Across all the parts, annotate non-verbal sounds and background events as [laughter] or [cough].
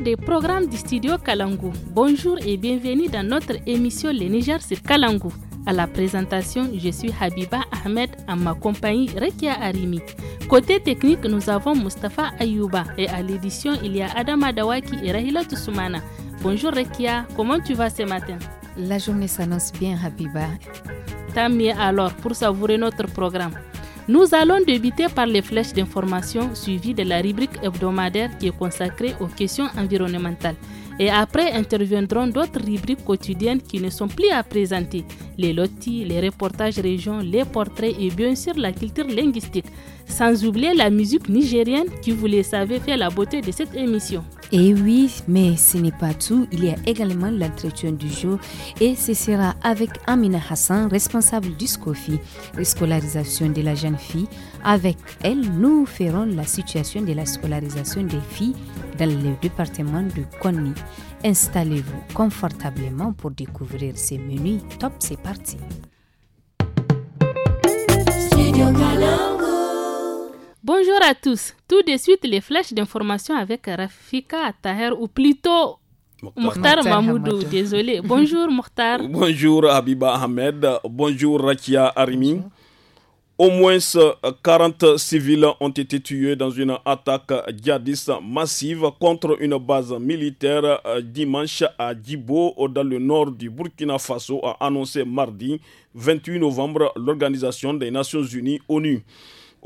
des programmes du studio Kalangu, bonjour et bienvenue dans notre émission Les Niger sur Kalangu. À la présentation, je suis Habiba Ahmed en ma compagnie Rekia Arimi. Côté technique, nous avons Mustapha Ayouba et à l'édition, il y a Adam Adawaki et Rahila Toussoumana. Bonjour Rekia, comment tu vas ce matin La journée s'annonce bien, Habiba. Tant mieux alors pour savourer notre programme. Nous allons débuter par les flèches d'information suivies de la rubrique hebdomadaire qui est consacrée aux questions environnementales. Et après interviendront d'autres rubriques quotidiennes qui ne sont plus à présenter. Les lotis, les reportages région, les portraits et bien sûr la culture linguistique. Sans oublier la musique nigérienne qui, vous le savez, fait la beauté de cette émission. Et oui, mais ce n'est pas tout. Il y a également l'entretien du jour et ce sera avec Amina Hassan, responsable du SCOFI, scolarisation de la jeune fille. Avec elle, nous ferons la situation de la scolarisation des filles dans le département de Konni. Installez-vous confortablement pour découvrir ces menus. Top, c'est parti. Studio Bonjour à tous. Tout de suite, les flèches d'information avec Rafika Taher, ou plutôt Mokhtar, Mamoudou. Désolé. [laughs] Bonjour Mokhtar. Bonjour Habiba Ahmed. Bonjour Rakia Arimi. Au moins 40 civils ont été tués dans une attaque djihadiste massive contre une base militaire euh, dimanche à Djibo, dans le nord du Burkina Faso, a annoncé mardi 28 novembre l'Organisation des Nations Unies ONU.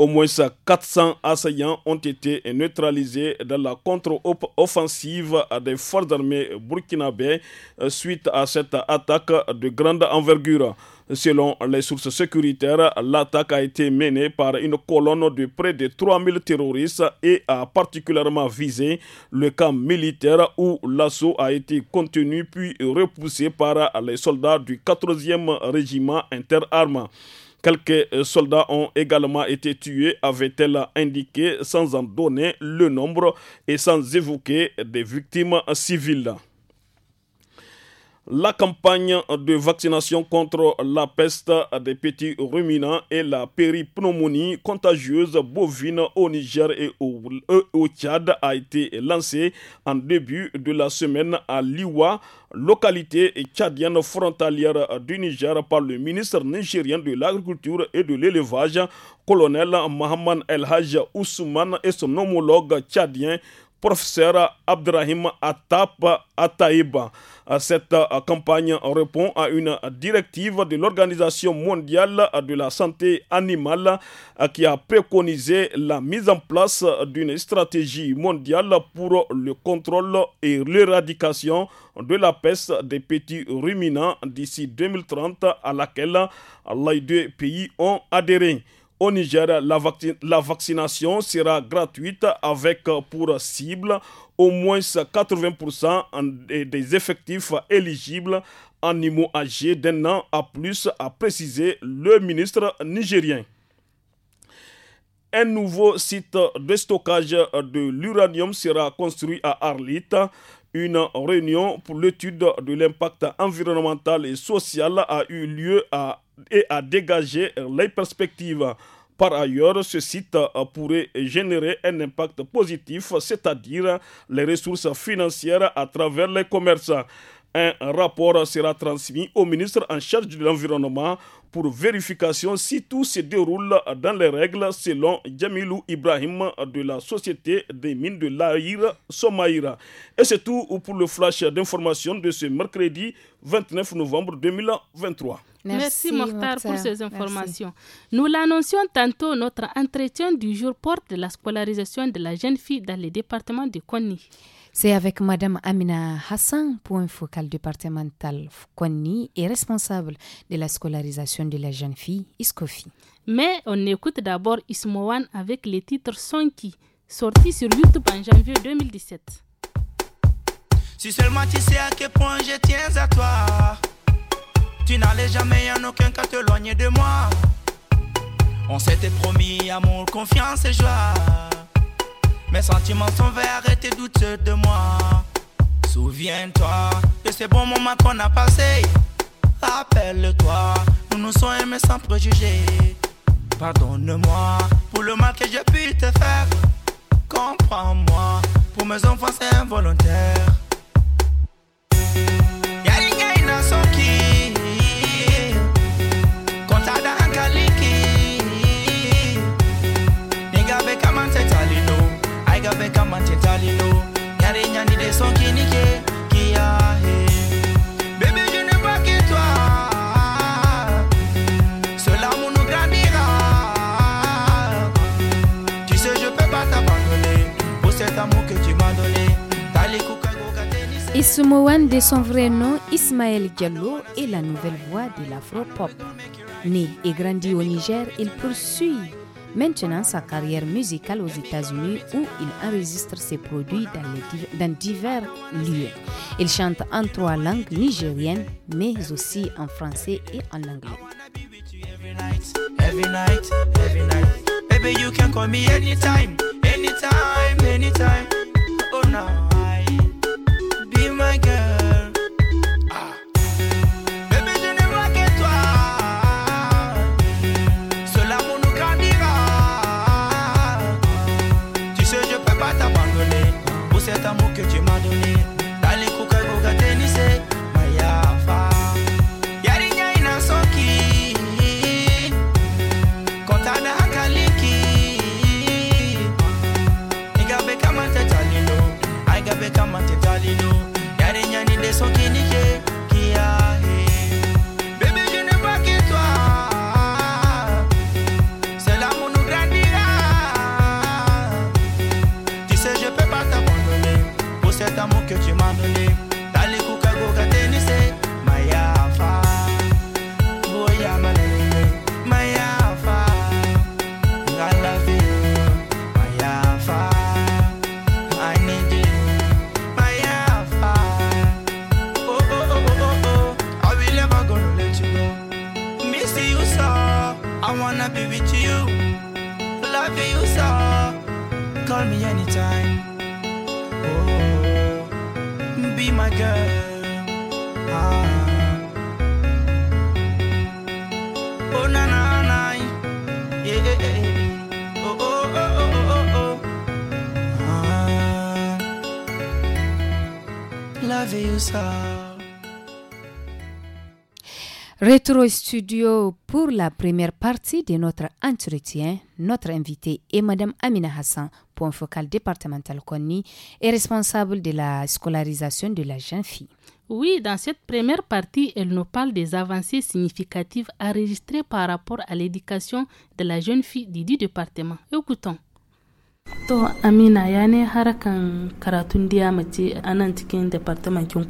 Au moins 400 assaillants ont été neutralisés dans la contre-offensive des forces armées burkinabées euh, suite à cette attaque de grande envergure. Selon les sources sécuritaires, l'attaque a été menée par une colonne de près de 3000 terroristes et a particulièrement visé le camp militaire où l'assaut a été contenu puis repoussé par les soldats du 14e régiment interarmes. Quelques euh, soldats ont également été tués, avait-elle indiqué, sans en donner le nombre et sans évoquer des victimes civiles la campagne de vaccination contre la peste des petits ruminants et la péripneumonie contagieuse bovine au Niger et euh, au, Tchad a été lancée en début de la semaine à Liwa, localité tchadienne frontalière du Niger, par le ministre nigérien de l'Agriculture et de l'Élevage, colonel Mohamed El Haj Ousmane et son homologue tchadien professeur Abdrahim Atap Ataïba. Cette euh, campagne répond à une directive de l'Organisation mondiale de la santé animale euh, qui a préconisé la mise en place d'une stratégie mondiale pour le contrôle et l'éradication de la peste des petits ruminants d'ici 2030 à laquelle les deux pays ont adhéré. Au Niger, la, vaccination sera gratuite avec euh, pour cible au moins 80% des effectifs éligibles animaux âgés d'un an à plus, a précisé le ministre nigérien. Un nouveau site de stockage de l'uranium sera construit à Arlit. Une réunion pour l'étude de l'impact environnemental et social a eu lieu et a dégagé les perspectives. Par ailleurs, ce site pourrait générer un impact positif, c'est-à-dire les ressources financières à travers les commerces. Un rapport sera transmis au ministre en charge de l'environnement pour vérification si tout se déroule dans les règles selon Jamilou Ibrahim de la Société des mines de l'Aïr Somaïra. Et c'est tout pour le flash d'information de ce mercredi 29 novembre 2023. Merci, Merci Mortar, pour ces informations. Nous l'annoncions tantôt, notre entretien du jour porte de la scolarisation de la jeune fille dans le département de Kony. C'est avec Madame Amina Hassan, point focal départemental Konni et responsable de la scolarisation de la jeune fille Iskofi. Mais on écoute d'abord Ismoan avec le titre Sonki, sorti sur YouTube en janvier 2017. Si seulement tu sais à quel point je tiens à toi, tu n'allais jamais en aucun cas t'éloigner de moi. On s'était promis amour, confiance et joie. Mes sentiments sont verts et t'es doutes de moi. Souviens-toi de ces bons moments qu'on a passés. Rappelle-toi, nous nous sommes aimés sans préjugés. Pardonne-moi pour le mal que j'ai pu te faire. Comprends-moi, pour mes enfants c'est involontaire. qui moan de son vrai nom Ismaël Diallo est la nouvelle voix de l'afro-pop. Né et grandi au Niger, il poursuit maintenant sa carrière musicale aux États-Unis où il enregistre ses produits dans, divers lieux. Il chante en trois langues nigériennes, mais aussi en français et en anglais. My girl. wanna be with you. Love you so. Call me anytime. Oh, be my girl. Ah. Oh na na na. Yeah. Oh, oh oh oh oh oh oh. Ah. Love you so. Retro Studio pour la première partie de notre entretien. Notre invitée est Madame Amina Hassan, point focal départemental Konni et responsable de la scolarisation de la jeune fille. Oui, dans cette première partie, elle nous parle des avancées significatives enregistrées par rapport à l'éducation de la jeune fille du département. Écoutons. To Amina yane harakan karatun diya mace cikin departamentin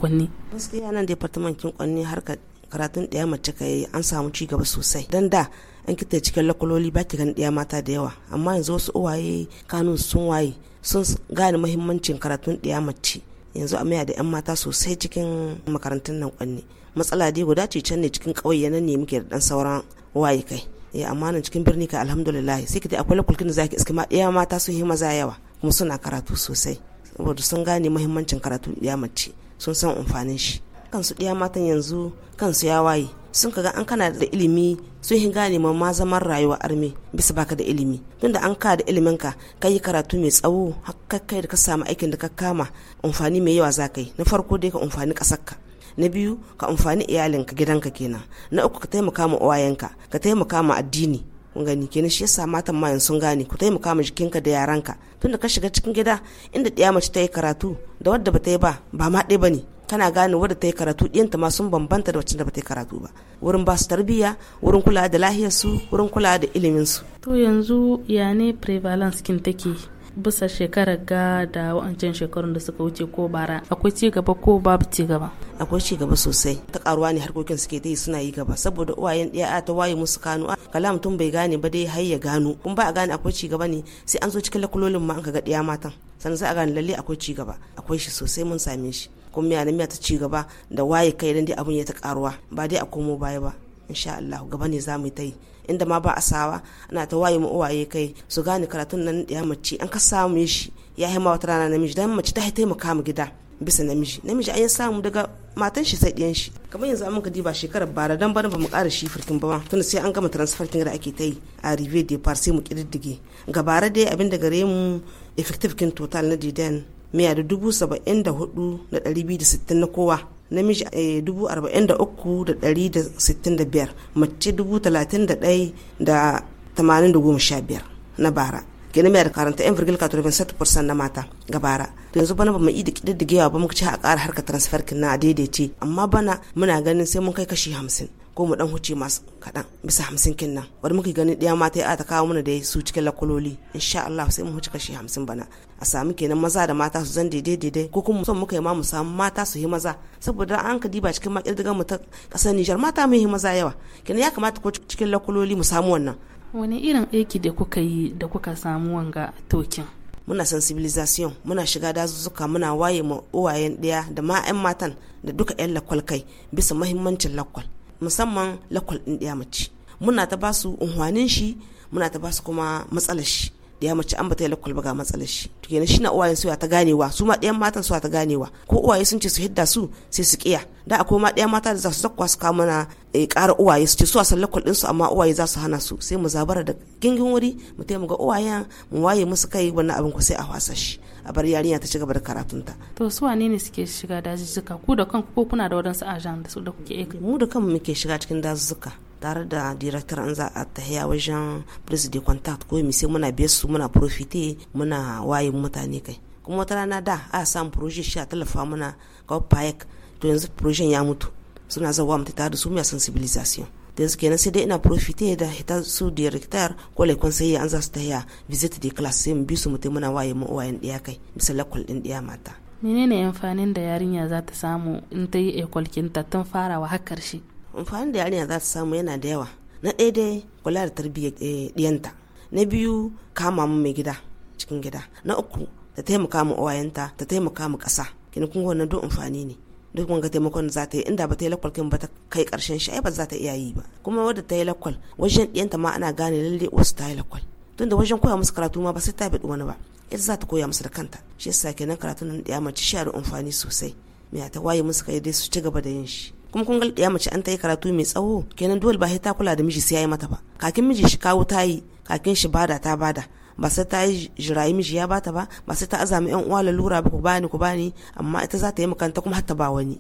departamentin karatun ɗaya mace ka yi an samu ci gaba sosai dan da an kita cikin lakuloli ba ki gani ɗaya mata da yawa amma yanzu wasu uwaye kanun sun waye sun gane mahimmancin karatun ɗaya mace yanzu a maya da 'yan mata sosai cikin makarantun nan kwanne matsala dai guda ce can ne cikin ƙauye nan ne muke da ɗan sauran waye kai ya eh, amma nan cikin birni ka alhamdulillah sai ki dai akwai lakulkin da zaki iska ma ɗaya mata sun yi maza yawa kuma suna karatu sosai saboda sun gane mahimmancin karatu ɗaya mace sun san amfanin shi kansu ɗiya matan yanzu kansu ya waye sun kaga an kana da ilimi sun yi gane ma ma zaman rayuwa armi bisa baka da ilimi tunda an ka da ilimin ka kai karatu mai tsawo har kai da ka samu aikin da ka kama amfani mai yawa za ka yi na farko dai ka amfani ƙasar ka na biyu ka amfani iyalinka gidanka kenan na uku ka taimaka ma uwayenka ka taimaka ma addini kun gani kenan shi yasa matan mayan sun gane ku taimaka ma jikinka da yaranka tunda ka shiga cikin gida inda ɗaya mace ta yi karatu da wadda ba ta yi ba ba ma ɗaya ba ne tana gane wadda ta yi karatu ɗiyanta ma sun bambanta da wacce da ba ta yi karatu ba wurin ba su tarbiyya wurin kula da lahiyarsu wurin kula da ilimin su to yanzu ya ne prevalence kin take bisa shekarar ga da wa'ancan shekarun da suka wuce ko bara akwai ci gaba ko babu ci gaba akwai ci gaba sosai ta karuwa ne harkokin suke ta yi suna yi gaba saboda uwayen ɗaya ta waye musu kanu kalam tun bai gane ba dai har ya gano kun ba a gane akwai ci gaba ne sai an zo cikin lakulolin ma an ga ɗaya matan sannan sai a gane lalle akwai ci gaba akwai shi sosai mun same shi kuma miya na miya ta ci gaba da waye kai dan dai abun ya ta karuwa ba dai a komo baya ba insha Allah gaba ne za mu ta yi inda ma ba a sawa ana ta waye mu uwaye kai su gane karatun nan ya mace an ka samu shi ya haima wata rana namiji dan mace ta taimaka mu gida bisa namiji namiji an ya samu daga matan shi sai ɗiyan shi kamar yanzu an diba shekarar bara dan ba mu ƙara shi firkin ba tun sai an gama transfer da ake ta yi a rive de par sai mu ƙididdige gabara dai abin da gare mu effective kin total na didan miya da dubu saba'in da hudu da ɗari biyu da sittin na kowa namiji eh, dubu arba'in da uku da ɗari da sittin da biyar mace dubu talatin da ɗai da tamanin da goma sha biyar na bara kenan miya da karanta yan virgil kato da na mata ga bara da yanzu bana ba mu yi da kididdigewa ba mu ci a ƙara harkar transfer kin na daidaice amma bana muna ganin sai mun kai kashi hamsin ko mu dan huce masu kaɗan bisa hamsin kin nan muka muke ganin ɗaya mata ya ta kawo mana da su cikin lakololi insha Allah sai mu huce kashi hamsin bana a sami kenan maza da mata su zan daidai daidai ko kuma son muka yi ma mu samu mata su yi maza saboda an ka diba cikin daga mu ta ƙasar Nijar mata mu yi maza yawa kenan ya kamata ko cikin lakuloli mu samu wannan wani irin aiki da kuka yi da kuka samu wanga tokin muna sensibilisation muna shiga dazuzzuka muna waye ma uwayen ɗaya da ma matan da duka 'yan lakwal kai bisa mahimmancin lakwal musamman lakwal ɗin ɗaya mace muna ta basu unhwanin shi muna ta basu kuma matsalar shi ɗaya mace an bata yi lakwal ba ga matsalar shi to kenan shi na uwayen su ta ganewa su ma ɗayan matan su ta ganewa ko uwaye sun ce su hidda su sai su kiya da akwai ma ɗaya mata da za su zakwa su kawo mana eh, ƙara uwaye su ce su a san lakwal ɗinsu amma uwaye za su hana su sai mu zabara da gingin wuri mu taimaka ga uwayen mu waye musu kai wannan abin ku sai a wasa shi a bar yarinya ta ci gaba da karatunta. To su wane ne suke shiga dazuzzuka ku da kanku ko kuna da wadansu ajan da su da kuke aiki? Mu da kanmu muke shiga cikin dazuzzuka. tare da director an za a tahiya wajen de contact ko mise muna biya su muna profite muna waye mutane kai kuma wata rana da a samu projet shi a tallafa muna ga payek to yanzu projet ya mutu suna zawa mutu tare da su mai sensibilisation da yanzu kenan sai dai ina profite da ita su director ko lai conseiller an za su tahiya visit de class sai mu bi su mutum muna waye mu wayan ɗaya kai misali kwal ɗin ɗaya mata menene amfanin da yarinya za ta samu in ta yi ekwalkinta tun farawa har karshe amfani da yarinya za ta samu yana da yawa na ɗaya dai kula da tarbiyyar eh, ɗiyanta na biyu kama mu mai gida cikin gida na uku ta taimaka mu uwayenta ta taimaka mu ƙasa kin kun wannan duk amfani ne duk wanga taimakon za ta yi inda ba ta yi lakwal kin ba ta kai ƙarshen shi ai ba za ta iya yi ba kuma wadda ta yi lakwal wajen ɗiyanta ma ana gane lalle wasu ta yi lakwal tunda wajen koya musu karatu ma ba sai ta bi wani ba ita za ta koya musu da kanta shi yasa kenan karatun nan ɗiya mace shi da amfani sosai me ta waye musu kai dai su ci gaba da yin shi kuma kun ya mace an ta yi karatu mai tsawo kenan dole ba ta kula da miji sai yayi mata ba kakin miji shi kawo ta yi kakin shi bada ta bada ba sai ta yi jirayi miji ya bata ba ba sai ta azami yan uwa lalura ba ku bani ku bani amma ita za ta yi makanta kuma hatta ba wani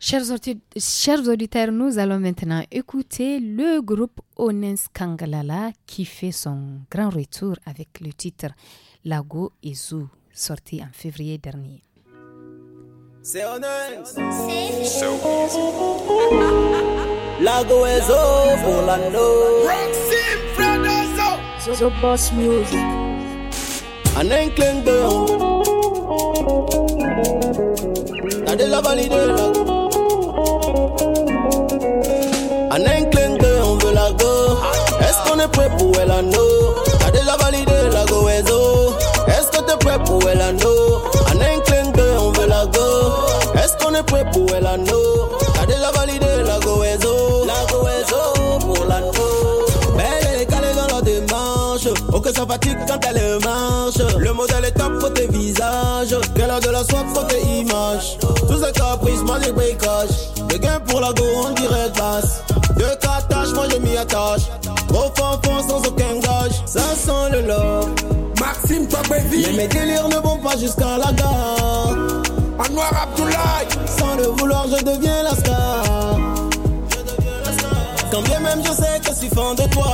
Chers auditeurs, nous allons maintenant écouter le groupe Onens Kangalala qui fait son grand retour avec le titre Lago et Zoo, sorti en février dernier. C'est honnête. So est [laughs] Lago pour over, Orlando. Roxy Fredozo. So boss music. An inclin dehors. T'as de la valide Lago. Un inkling de, on veut Lago. Est-ce qu'on est prêt pour elle, nous? le prepo e la no Kade la valide la goezo La goezo pour l'anneau Belle Belle est calée dans la démarche Aucun sympathique quand elle marche Le modèle est top, faut tes visages Qu'elle de la soif, faut tes images Tous ces caprices, moi j'ai bricage De gains pour la go, on dirait passe Deux cartages, moi je m'y Au fond, fond, sans aucun gage Ça sent le love Maxime, toi, baby Mais mes délires ne vont pas jusqu'à la gare Anwar Abdoulaye. Sans le vouloir, je deviens la star. Je deviens la star. Quand bien même je sais que je suis fan de toi.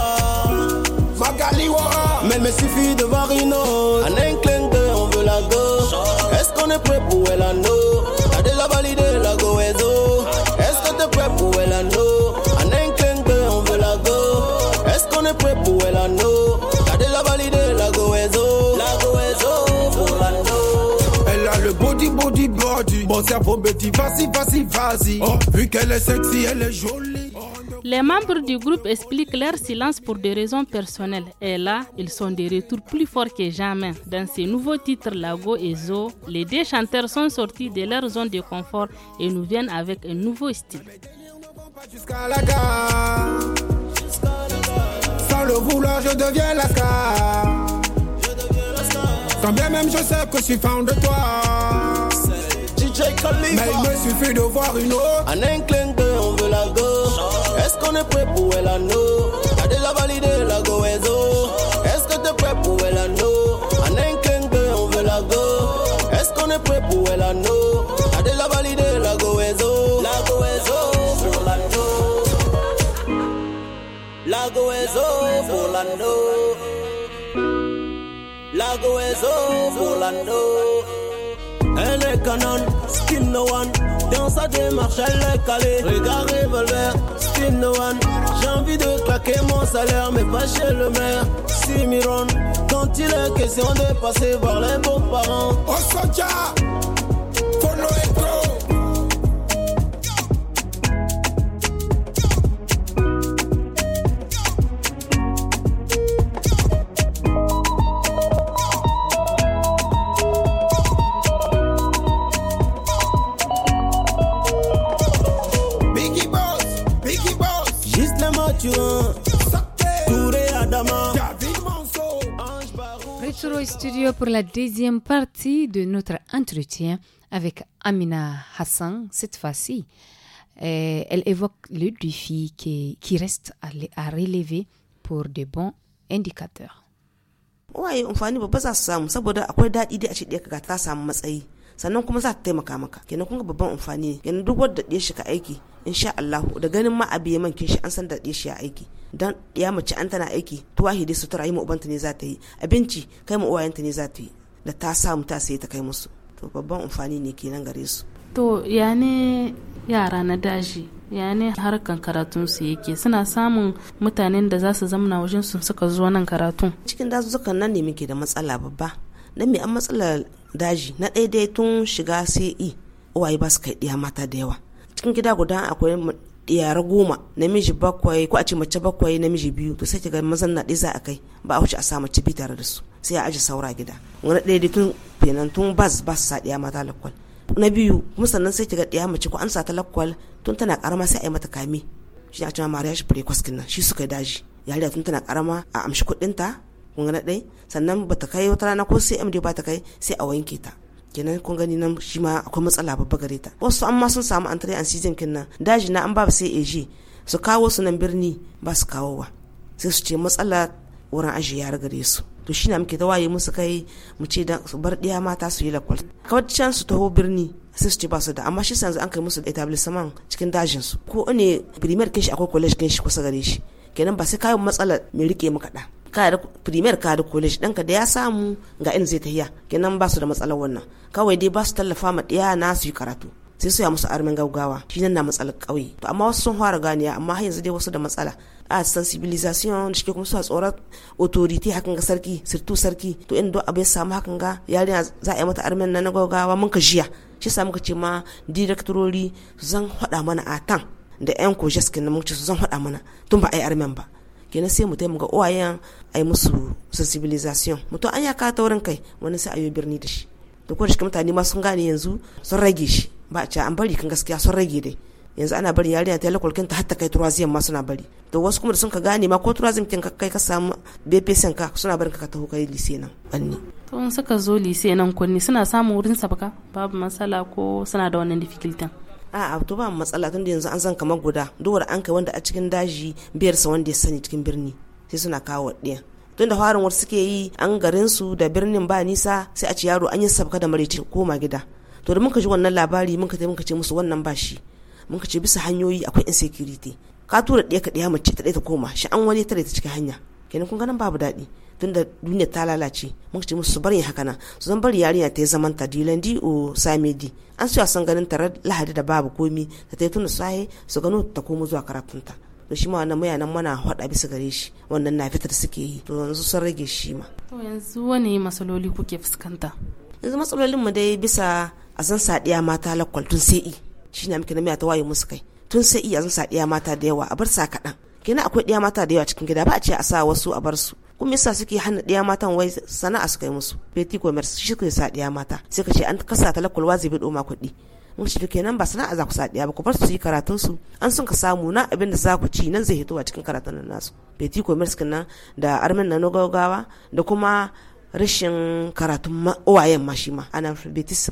Magali Wara. Mais il me suffit de voir une autre. En un on veut la gauche. Est-ce qu'on est prêt pour elle à nous? T'as déjà validé la gauche. sexy, Les membres du groupe expliquent leur silence pour des raisons personnelles. Et là, ils sont de retour plus forts que jamais. Dans ces nouveaux titres Lago et Zo, les deux chanteurs sont sortis de leur zone de confort et nous viennent avec un nouveau style. Sans le vouloir, je deviens la Quand bien même je sais que je suis fan de toi. Mais il me suffit de voir une autre. un on veut la go. Est-ce qu'on est prêt pour Elano? A de la validé la goézo. Est-ce que t'es prêt pour elle no? En un on veut la go. Est-ce qu'on est prêt pour elle à T'as déjà validé la Goezo. La goézo pour l'anneau. La goézo pour La goézo pour Elle est canon no one. Dans sa démarche, elle est calée. Regard revolver, spin no one. J'ai envie de claquer mon salaire, mais pas chez le maire. Simiron, quand il est question de passer voir les beaux-parents. Oh, pour la deuxième partie de notre entretien avec Amina Hassan cette fois-ci. Euh, elle évoque le défi qui, qui reste à, relever pour de bons indicateurs. don ya mace an tana aiki tuwahi dai sutura yi ma ne za ta yi abinci kai ma uwayenta ne za ta yi da ta samu ta sai ta kai musu to babban amfani ne kenan gare su to ya ne yara na daji ya ne harkan karatun su yake suna samun mutanen da za su zamna wajen sun suka zuwa nan karatun cikin dazuzzukan nan ne muke da matsala babba na me an matsalar daji na daidai tun shiga sai e, uwaye ba su kai ɗiya mata da yawa cikin gida guda akwai yara goma namiji bakwai ko a ce mace bakwai namiji biyu to sai ga mazan na ɗaya za a kai ba a wuce a sa mace biyu tare da su sai a aje saura gida wani ɗaya da tun fenan tun bas bas sa ɗaya mata lakwal na biyu kuma sannan sai ga ɗaya mace ko an sa ta lakwal tun tana karama sai a yi mata kame shi a cewa mariya shi fure nan shi suka daji yariya tun tana karama a amshi kuɗinta kun na ɗaya sannan ba ta kai wata rana ko sai md ba ta kai sai a wanke ta kenan kun gani nan shi ma akwai matsala babba gare ta wasu an ma sun samu antare an season kin nan daji na an ba sai eje su kawo su nan birni ba su kawo ba sai su ce matsala wurin aji ya gare su to shi na muke waye musu kai mu ce da su bar diya mata su yi lakwal kawai can su taho birni sai su ce ba su da amma shi yanzu an kai musu etablissement cikin dajin su ko ne primaire kin shi akwai college kin shi kusa gare shi kenan ba sai kayan matsala mai rike maka da primar ka da college ɗanka da ya samu ga in zai tahiya kenan ba su da matsalar wannan kawai dai ba su tallafa ma ɗaya na su yi karatu sai su ya musu armin gaugawa shi nan na matsalar ƙauye to amma wasu sun fara ganiya amma har yanzu dai wasu da matsala a sensibilisation da shi kuma su tsoron authority hakan ga sarki sirtu sarki to in abu ya samu hakan ga yarinya za a yi mata armen na gaugawa mun ka jiya shi sa muka ce ma directorori su zan faɗa mana a tan da yan kojes kenan mun ce su zan faɗa mana tun ba a yi armen ba kenan sai mu taimaka uwayen a yi musu sensibilisation mutum an ya ta taurin kai wani sai a birni da shi da kuma shi mutane ma sun gane yanzu sun rage shi ba a an bari kan gaskiya sun rage dai yanzu ana bari yarinya ta lakwalkin ta hatta kai turaziyam ma suna bari to wasu kuma da sun ka gane ma ko turaziyam kin kai ka samu bpsn ka suna barin ka ka taho kai lise nan banni to in suka zo lise nan kunni suna samun wurin sabaka babu matsala ko suna da wannan difficulty a'a to ba matsala tun da yanzu an zan kamar guda duwar an kai wanda a cikin daji biyar sa wanda ya sani cikin birni sai suna kawo ɗiyan tun da farin wasu suke yi an garin su da birnin ba nisa sai a ci yaro an yi sabka da mare koma gida to da muka ji wannan labari muka je muka ce musu wannan ba shi muka ce bisa hanyoyi akwai insecurity ka tura ɗaya ka ɗaya mace ta ɗaya ta koma shi an wani ta ta cikin hanya kenan kun ganin babu daɗi tun da duniya ta lalace muka ce musu su bari haka nan su zan bari yarinya ta yi zaman ta dilandi o samedi an su san ganin tare lahadi da babu komi ta ta yi tun da su gano ta komo zuwa karatunta to shi ma wannan muna nan hada bisa gare shi wannan na fitar suke yi to yanzu sun rage shi ma to yanzu wani masaloli kuke fuskanta yanzu matsalolin mu dai bisa a san sadiya mata lakwal tun sai i shi ne muke na ta waye musu kai tun sai i a san sadiya mata da yawa a bar sa kaɗan kina akwai ɗiya mata da yawa cikin gida ba a ce a sa wasu a bar su kuma yasa suke hana ɗiya matan wai sana'a su kai musu beti commerce shi ke sa ɗiya mata sai ka ce an kasa ta lakwal wazi bi ɗoma kuɗi Mun shi nan ba sana'a za ku sa ba ku bar su yi karatun su an sun ka samu na abin da za ku ci nan zai hitowa cikin karatun nan nasu beti commerce nan da armin na gaugawa da kuma rashin karatun uwayen ma shi ma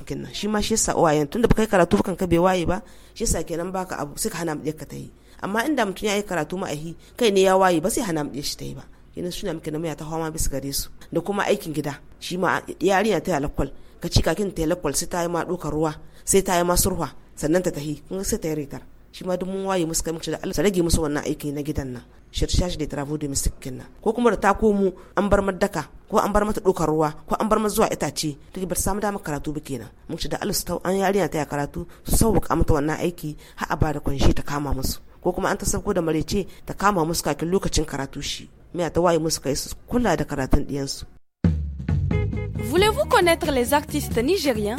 kin nan shi ma shi yasa uwayen tunda ba kai karatu kan ka bai waye ba shi yasa kenan baka abu sai ka hana mu ka ta yi amma inda mutum ya yi karatu ma ahi kai ne ya waye ba sai hana mu shi ta yi ba yana suna muke namaya ta hawa bisa gare su da kuma aikin gida shi ma yarinya ta yi alakwal ka ci kakin ta yi alakwal sai ta yi ma ɗokar ruwa sai ta yi masurwa sannan ta tahi kun sai ta yi retar shi ma dumun waye musu kai da Allah ta rage musu wannan aiki na gidan nan shirshashi da travel domestic kinna ko kuma da ta komo an bar madaka ko an bar mata ɗaukar ruwa ko an bar mata zuwa itace ta bar samu dama karatu ba kenan mun ci da Allah su an yarinya ta ya karatu su sauka mata wannan aiki har a bada kunshi ta kama musu ko kuma an ta sauko da marece ta kama musu kakin lokacin karatu shi miya ta waye musu kai su kula da karatun su Voulez-vous connaître les artistes nigériens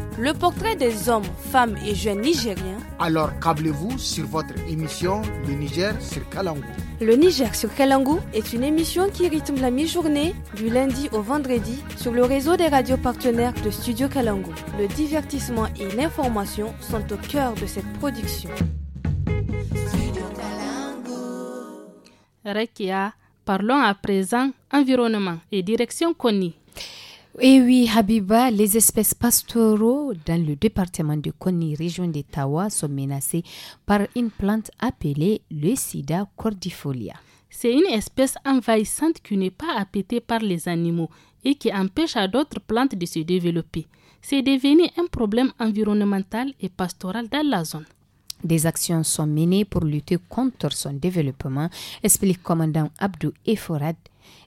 le portrait des hommes, femmes et jeunes nigériens. Alors câblez-vous sur votre émission Le Niger sur Kalango. Le Niger sur Kalango est une émission qui rythme la mi-journée du lundi au vendredi sur le réseau des radios partenaires de Studio Kalango. Le divertissement et l'information sont au cœur de cette production. Rekia, parlons à présent environnement et direction connue. Et eh oui, Habiba, les espèces pastoraux dans le département de Koni, région Tawa, sont menacées par une plante appelée le sida cordifolia. C'est une espèce envahissante qui n'est pas appétée par les animaux et qui empêche à d'autres plantes de se développer. C'est devenu un problème environnemental et pastoral dans la zone. Des actions sont menées pour lutter contre son développement, explique commandant Abdou Eforad,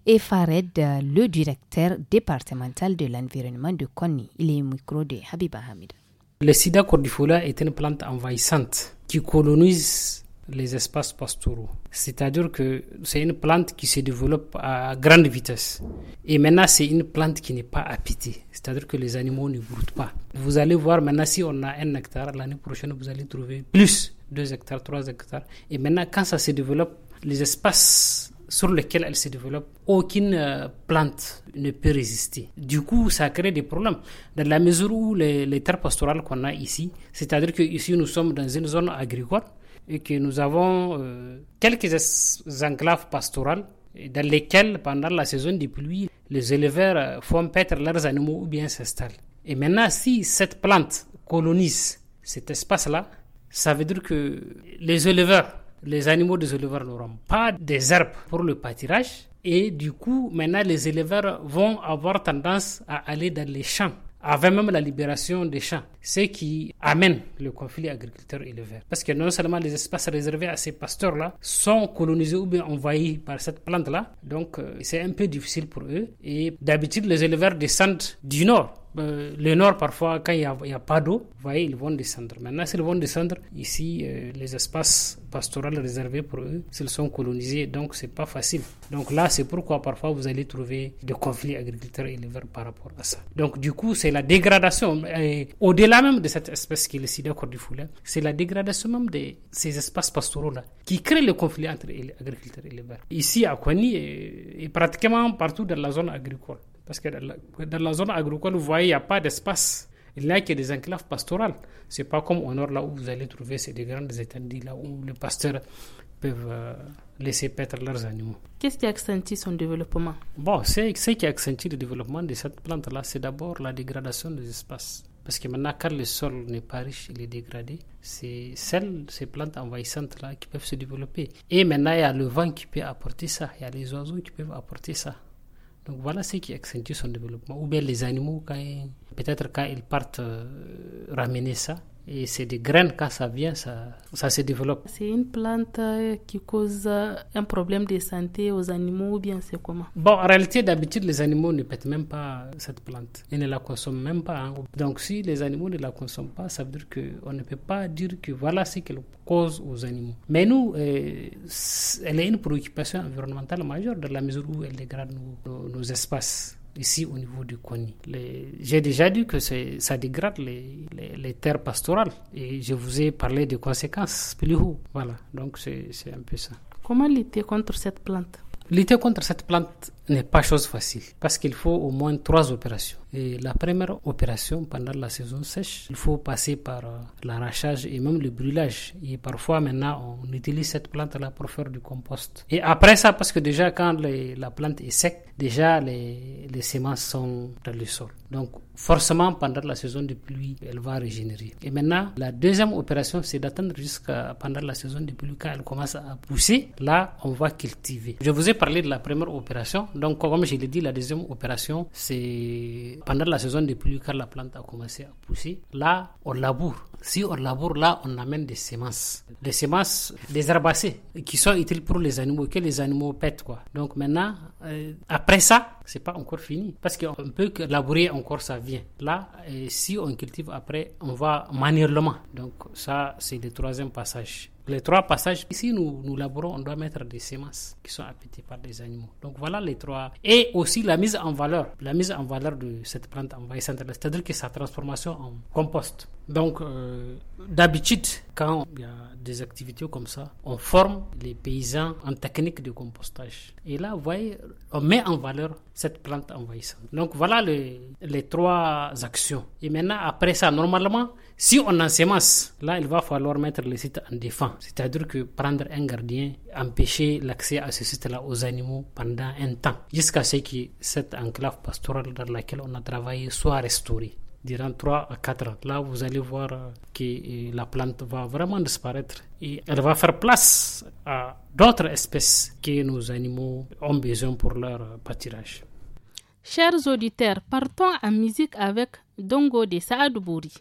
et Fared, le directeur départemental de l'environnement de Kony. Il est micro de Habiba Hamid. Le sida cordifola est une plante envahissante qui colonise les espaces pastoraux. C'est-à-dire que c'est une plante qui se développe à grande vitesse. Et maintenant, c'est une plante qui n'est pas appétée. C'est-à-dire que les animaux ne broutent pas. Vous allez voir, maintenant, si on a un hectare, l'année prochaine, vous allez trouver plus 2 hectares, 3 hectares. Et maintenant, quand ça se développe, les espaces sur lesquelles elle se développe, aucune euh, plante ne peut résister. Du coup, ça crée des problèmes. Dans la mesure où les, terres pastorales qu'on a ici, c'est-à-dire que ici nous sommes dans une zone agricole et que nous avons euh, quelques enclaves pastorales dans lesquelles, pendant la saison des pluies, les éleveurs euh, font paître leurs animaux ou bien s'installent. Et maintenant, si cette plante colonise cet espace-là, ça veut dire que les éleveurs les animaux des éleveurs n'auront pas des herbes pour le pâturage. Et du coup, maintenant, les éleveurs vont avoir tendance à aller dans les champs avant même la libération des champs, ce qui amène le conflit agriculteur-éleveur. Parce que non seulement les espaces réservés à ces pasteurs-là sont colonisés ou bien envahis par cette plante-là, donc euh, c'est un peu difficile pour eux. Et d'habitude, les éleveurs descendent du nord euh, le nord, parfois, quand il n'y a, pas d'eau, voyez, ils vont descendre. Maintenant, s'ils vont descendre, ici, euh, les espaces pastoraux réservés pour eux, s'ils sont colonisés, donc c'est pas facile. Donc là, c'est pourquoi parfois vous allez trouver des conflits agriculteurs et éleveurs par rapport à ça. Donc du coup, c'est la dégradation, euh, au-delà même de cette espèce qui est le du foulet c'est la dégradation même de ces espaces pastoraux-là qui crée le conflit entre agriculteurs et éleveurs. Ici, à Kwani, et pratiquement partout dans la zone agricole. Parce que dans la, zone agro zone agricole, vous voyez, il n'y a pas d'espace. Il n'y a que des enclaves pastorales. Ce n'est pas comme au nord, là où vous allez trouver ces grandes étendues, là où les pasteurs peuvent euh, laisser paître leurs animaux. Qu'est-ce qui accentue son développement Bon, ce qui accentue le développement de cette plante-là, c'est d'abord la dégradation des espaces. Parce que maintenant, quand le sol n'est pas riche, il est dégradé. C'est celles, ces plantes envahissantes-là qui peuvent se développer. Et maintenant, il y a le vent qui peut apporter ça. Il y a les oiseaux qui peuvent apporter ça. Donc voilà ce qui accentue son développement. Ou bien les animaux, peut-être quand ils partent euh, ramener ça, et c'est des graines, quand ça vient, ça, se développe. C'est une plante euh, qui cause euh, un problème de santé aux animaux ou bien c'est comment Bon, en réalité, d'habitude, les animaux ne pètent même pas cette plante. Ils ne la consomment même pas. Hein. Donc, si les animaux ne la consomment pas, ça veut dire qu'on ne peut pas dire que voilà ce qu'elle cause aux animaux. Mais nous, euh, elle est une préoccupation environnementale majeure dans la mesure où elle dégrade nos espaces ici au niveau du Kony. J'ai déjà dit que ça dégrade les, terres pastorales et je vous ai parlé des conséquences plus Voilà, donc c'est un peu ça. Comment lutter contre cette plante Lutter contre cette plante, n'est pas chose facile parce qu'il faut au moins trois opérations. Et la première opération pendant la saison sèche, il faut passer par euh, l'arrachage et même le brûlage. Et parfois maintenant, on utilise cette plante-là pour faire du compost. Et après ça, parce que déjà quand la plante est sec, déjà les, les semences sont dans le sol. Donc forcément, pendant la saison de pluie, elle va régénérer. Et maintenant, la deuxième opération, c'est d'attendre jusqu'à pendant la saison de pluie quand elle commence à pousser. Là, on va cultiver. Je vous ai parlé de la première opération donc, comme je l'ai dit, la deuxième opération, c'est pendant la saison des pluies, car la plante a commencé à pousser. Là, on laboure. Si on laboure, là, on amène des semences. Des semences, des herbacées, qui sont utiles pour les animaux, que les animaux pètent, quoi. Donc, maintenant, euh, après ça, c'est pas encore fini. Parce qu'on peut labourer encore, ça vient. Là, euh, si on cultive après, on va manuellement. Donc, ça, c'est le troisième passage. Les trois passages, ici nous, nous laborons on doit mettre des semences qui sont appétées par des animaux. Donc voilà les trois. Et aussi la mise en valeur, la mise en valeur de cette plante envahissante, c'est-à-dire que sa transformation en compost. Donc, euh, d'habitude, quand il y a des activités comme ça, on forme les paysans en technique de compostage. Et là, vous voyez, on met en valeur cette plante envahissante. Donc, voilà les, trois actions. Et maintenant, après ça, normalement, si on en s'émence, là, il va falloir mettre le site en défense. C'est-à-dire que prendre un gardien, empêcher l'accès à ce site-là aux animaux pendant un temps, jusqu'à ce que cette enclave pastorale dans laquelle on a travaillé soit restaurée durant 3 à 4 ans. Là, vous allez voir euh, que euh, la plante va vraiment disparaître et elle va faire place à d'autres espèces que nos animaux ont besoin pour leur euh, pâturage. Chers auditeurs, partons en musique avec Dongo de Saad Bouri.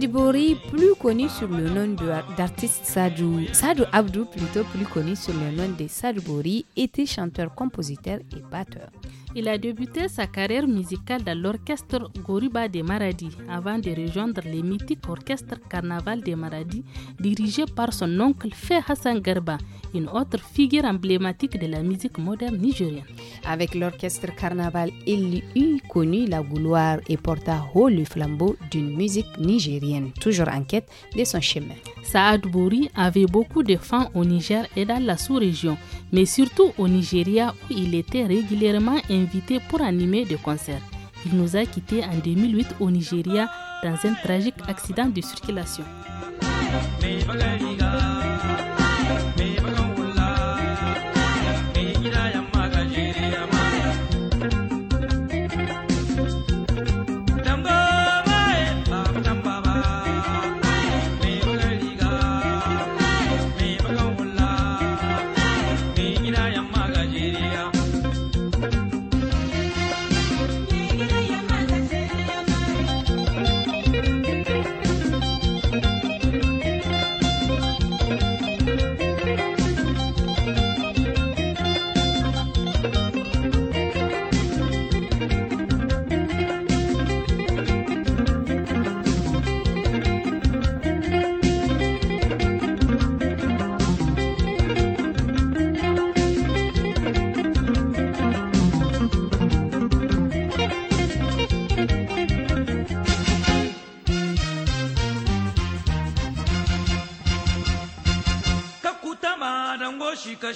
Sadibori, plus connu sous le nom d'artiste Sadou, Sadou Abdou, plutôt plus connu sous le nom de Sadou était chanteur, compositeur et batteur. Il a débuté sa carrière musicale dans l'orchestre Goruba de Maradi avant de rejoindre le mythique orchestre Carnaval de Maradi dirigé par son oncle Fé Hassan Garba, une autre figure emblématique de la musique moderne nigérienne. Avec l'orchestre Carnaval, il eut connu la gloire et porta haut le flambeau d'une musique nigérienne, toujours en quête de son chemin. Saad Bouri avait beaucoup de fans au Niger et dans la sous-région, mais surtout au Nigeria où il était régulièrement invité pour animer des concerts. Il nous a quittés en 2008 au Nigeria dans un tragique accident de circulation.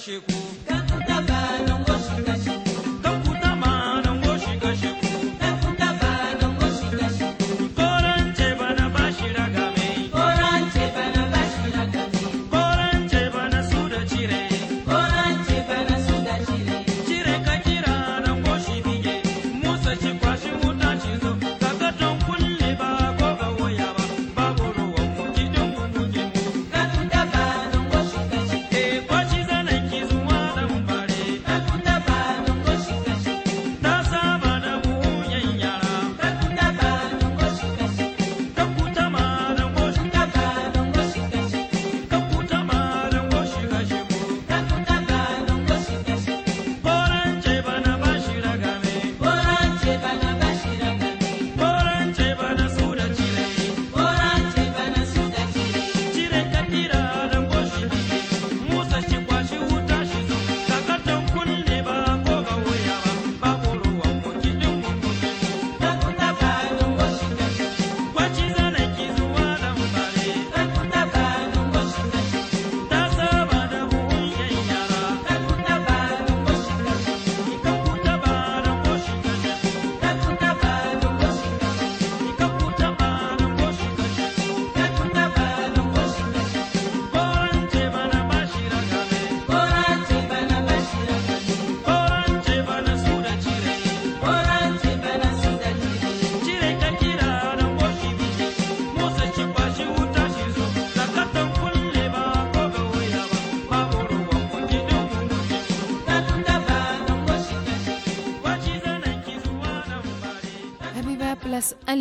Chico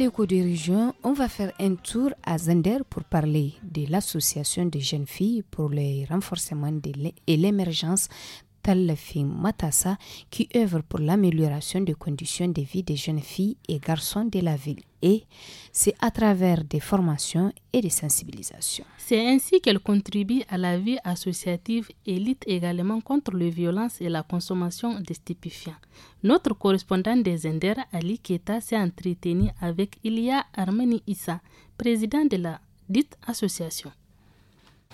l'écho des on va faire un tour à Zender pour parler de l'association des jeunes filles pour le renforcement et l'émergence Talafi Matassa qui œuvre pour l'amélioration des conditions de vie des jeunes filles et garçons de la ville. Et c'est à travers des formations et des sensibilisations. C'est ainsi qu'elle contribue à la vie associative et lutte également contre les violences et la consommation de stupéfiants. Notre correspondant des Ender, Ali Keta, s'est entretenu avec Ilia Armani Issa, président de la dite association.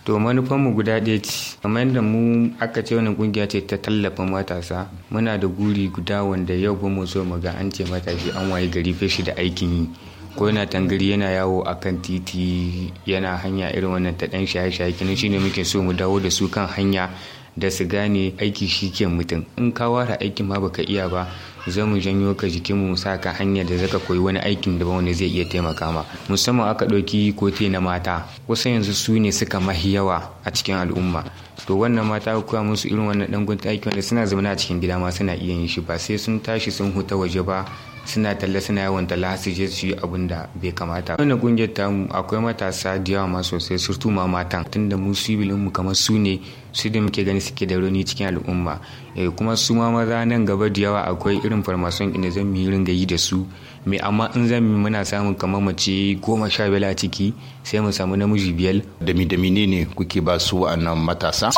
to manufanmu guda ɗaya ce kamar yadda mu aka ce wannan kungiya ce ta tallafa matasa muna da guri guda wanda yau ba mu zo mu ga an ce matashi an waye gari fashi da aikin yi ko yana tangari yana yawo a kan titi yana hanya irin wannan ta ɗan shaye-shaye kenan shine muke so mu dawo da su kan hanya da su gane aiki shi ke mutum in ka ware aikin ma baka iya ba za mu janyo ka jikin mu sa ka hanyar da zaka koyi wani aikin da wani zai iya taimaka ma musamman aka ɗauki kote na mata wasu yanzu su ne suka mahi yawa a cikin al'umma to wannan mata kuwa musu irin wannan ɗan gunta aiki wanda suna zama a cikin gida ma suna iya yin shi ba sai sun tashi sun huta waje ba suna talla suna yawan talla su je su yi abin da bai kamata wannan kungiyar tamu akwai matasa da yawa ma sosai surtu ma matan tunda mu sibilin mu kamar su ne su da muke gani suke da rauni cikin al'umma eh, kuma su ma maza nan gaba da yawa akwai irin farmason inda zan yi ringayi da su me amma in zan muna samun kamar mace goma sha biyar a ciki sai mu samu namiji biyar dami dami ne ne kuke ba su wa'annan matasa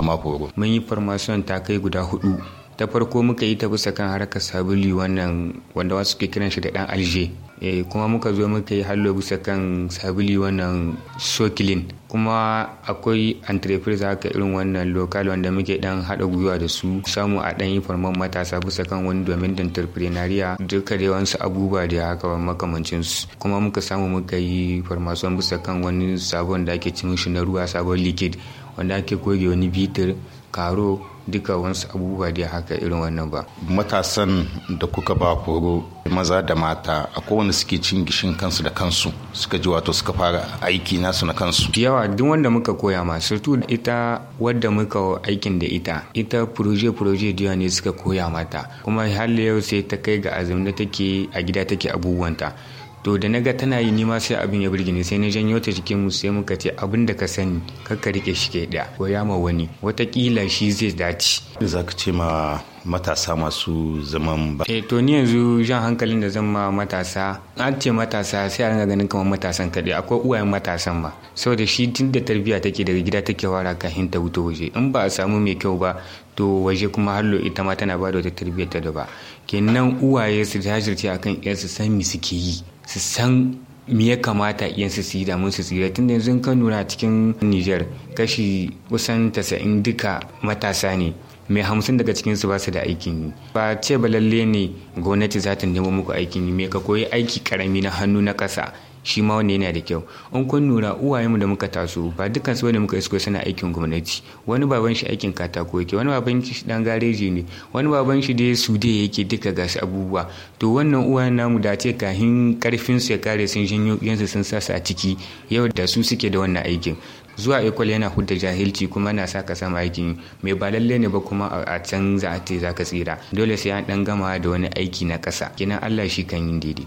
mun yi farmason ta kai guda hudu ta farko muka yi ta bisa kan harkar sabuli wannan wanda wasu ke kiran shi da dan alje Eh, kuma muka zo muka yi hallo bisa kan sabili wannan sokilin kuma akwai entreprise haka irin wannan lokal wanda muke dan haɗa gwiwa da su samu a dan yi matasa bisa kan wani domin da entrepreneuria duka da wasu abubuwa da haka makamancin su kuma muka samu muka yi farmason bisa kan wani sabon da ake cin shi na ruwa sabon liquid wanda ake goge wani bitir karo duka wasu abubuwa dai haka irin wannan ba matasan da kuka ba horo maza da mata a kowane suke cin gishin kansu da kansu suka ji wato suka fara aiki nasu na kansu yawa duk wanda muka koya ma surtu ita wadda muka aikin da ita ita proje proje diya ne suka koya mata kuma har yau sai ta kai ga azumin azumi take a gida take abubuwanta to da na ga tana yi nima sai abin ya burge ni sai na janyo ta jikin mu sai muka ce abin da ka sani kar ka rike shi kai da. ko ya ma wani watakila shi zai dace za ka ce ma matasa masu zaman ba. E to ni yanzu jan hankalin da zan ma matasa, an ce matasa sai a ganin kamar matasan kaɗai akwai uwayen matasan ma. Saboda shi tun da tarbiyya take daga gida take wara kafin ta wuta waje. In ba a samu mai kyau ba to waje kuma hallo ita ma tana ba da wata tarbiyyar ta da ba. Kenan uwaye su jajirce akan ƴar su san suke yi. su san me ya kamata iyan su su yi damun su tsira tun da yanzu kan nuna cikin niger kashi kusan tasa'in duka matasa ne mai hamsin daga cikin su ba su da aikin yi ba ce ba lalle ne gwamnati za ta nemo muku aikin yi me ka koyi aiki karami na hannu na ƙasa. shi ma wanda yana da kyau in kun nura uwayenmu da muka taso ba dukkan su ne muka isko suna aikin gwamnati wani baban shi aikin katako yake wani baban shi dan gareji ne wani baban shi dai su dai yake duka gasu abubuwa to wannan uwayen namu da ce kahin karfin su ya kare sun janyo yansu sun sa a ciki yau da su suke da wannan aikin zuwa Ikwal yana hudda jahilci kuma na sa ka sama aikin mai ba lalle ne ba kuma a can za a ce za ka tsira dole sai an dan gama da wani aiki na ƙasa kina Allah shi kan yi daidai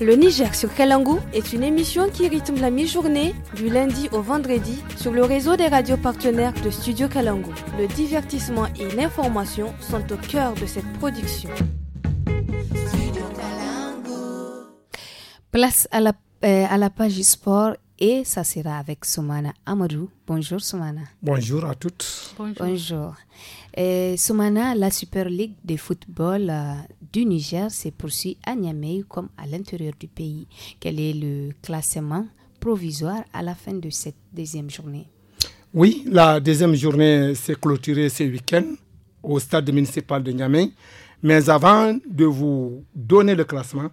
Le Niger sur Kalangu est une émission qui rythme la mi-journée du lundi au vendredi sur le réseau des radios partenaires de Studio Kalangu. Le divertissement et l'information sont au cœur de cette production. Place à la, euh, à la page sport et ça sera avec Soumana Amadou. Bonjour Soumana. Bonjour à toutes. Bonjour. Bonjour. Et la Super League de football euh, du Niger se poursuit à Niamey comme à l'intérieur du pays. Quel est le classement provisoire à la fin de cette deuxième journée Oui, la deuxième journée s'est clôturée ce week-end au stade municipal de Niamey. Mais avant de vous donner le classement,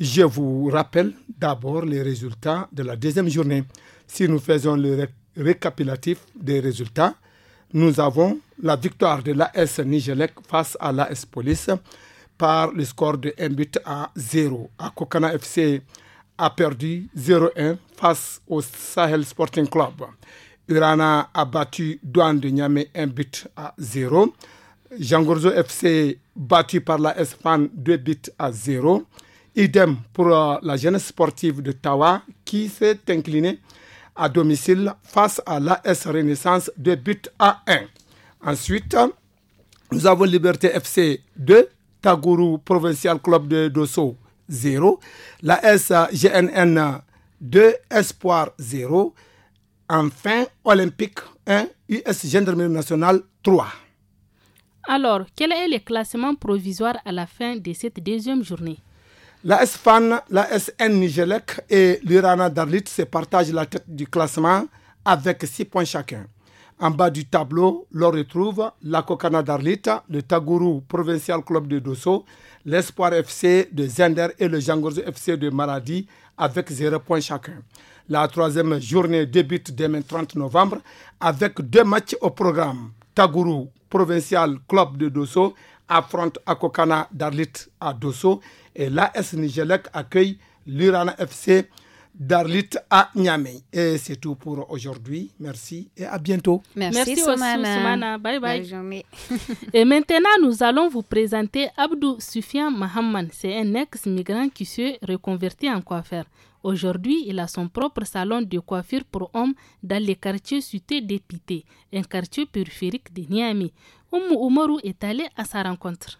je vous rappelle d'abord les résultats de la deuxième journée. Si nous faisons le récapitulatif des résultats, nous avons la victoire de l'AS Nigelec face à l'AS Police par le score de 1 but à 0. Akokana FC a perdu 0-1 face au Sahel Sporting Club. Urana a battu Douane de Niamey 1 but à 0. Jangorzo FC battu par la FAN 2 buts à 0. Idem pour euh, la jeunesse sportive de Tawa qui s'est inclinée à domicile face à l'AS Renaissance de but à 1. Ensuite, nous avons Liberté FC 2, Tagourou Provincial Club de Dosso 0, l'AS GNN 2, Espoir 0, enfin Olympique 1, US Gendarmerie Nationale 3. Alors, quel est le classement provisoire à la fin de cette deuxième journée la SFAN, la SN Nigelec et l'Irana Darlit se partagent la tête du classement avec 6 points chacun. En bas du tableau, l'on retrouve la Kokana Darlit, le Tagourou Provincial Club de Dosso, l'Espoir FC de Zender et le Jangorzo FC de Maradi avec 0 points chacun. La troisième journée débute demain 30 novembre avec deux matchs au programme. Tagourou Provincial Club de Dosso affronte Akokana Darlit à Dosso et l'AS Nigelec accueille l'Urana FC d'Arlit à Niamey. Et c'est tout pour aujourd'hui. Merci et à bientôt. Merci, Merci Soumana. Bye bye. [laughs] et maintenant, nous allons vous présenter Abdou Sufian Mahamman. C'est un ex-migrant qui se reconverti en coiffeur. Aujourd'hui, il a son propre salon de coiffure pour hommes dans les quartiers des d'Épité, un quartier périphérique de Niamey. Oumou Oumarou est allé à sa rencontre.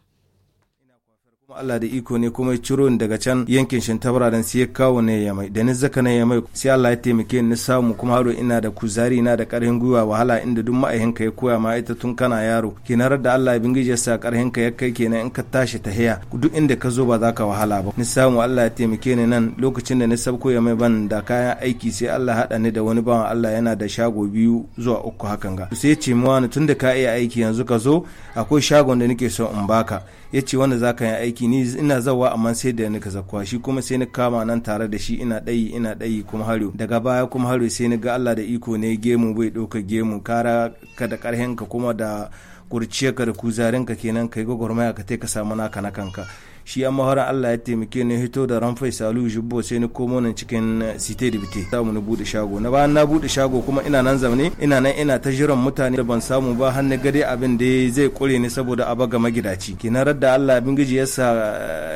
kuma Allah da iko ne kuma ya ciro daga can yankin Shintabara dan sai ya kawo ne ya mai da ni zaka ne ya mai sai Allah ya taimake ni samu kuma haro ina da kuzari ina da karhin gwiwa wahala inda duk ma'aihinka ya koya ma ita tun kana yaro kenan da Allah ya bingije sa karhin ka ya kai kenan in ka tashi ta haya duk inda ka zo ba za ka wahala ba ni samu Allah ya taimake ni nan lokacin da ni sabko ya mai ban da kayan aiki sai Allah hada ni da wani ban Allah yana da shago biyu zuwa uku hakan ga sai ya ce mu wani tun da ka iya aiki yanzu ka zo akwai shagon da nake so in baka ya ce wanda za ka yi aiki ni ina zawa amma sai da ni ka shi kuma sai ni kama nan tare da shi ina ɗayi ina ɗayi kuma haro daga baya kuma haro sai ni ga Allah da iko ne gemu bai ɗauka gemu kara ka da ƙarhin ka kuma da kurciyarka da kuzarinka kenan kai gwagwarmaya ka ka samu naka na kanka shi ya mahara Allah ya taimake ni hito da ranfai salu jubbo sai ni komo nan cikin site da bite samu na bude shago na bayan na bude shago kuma ina nan zamane ina nan ina ta jiran mutane da ban samu ba har na gade abin da zai kure ni saboda a baga magidaci kina radda Allah bin ya yasa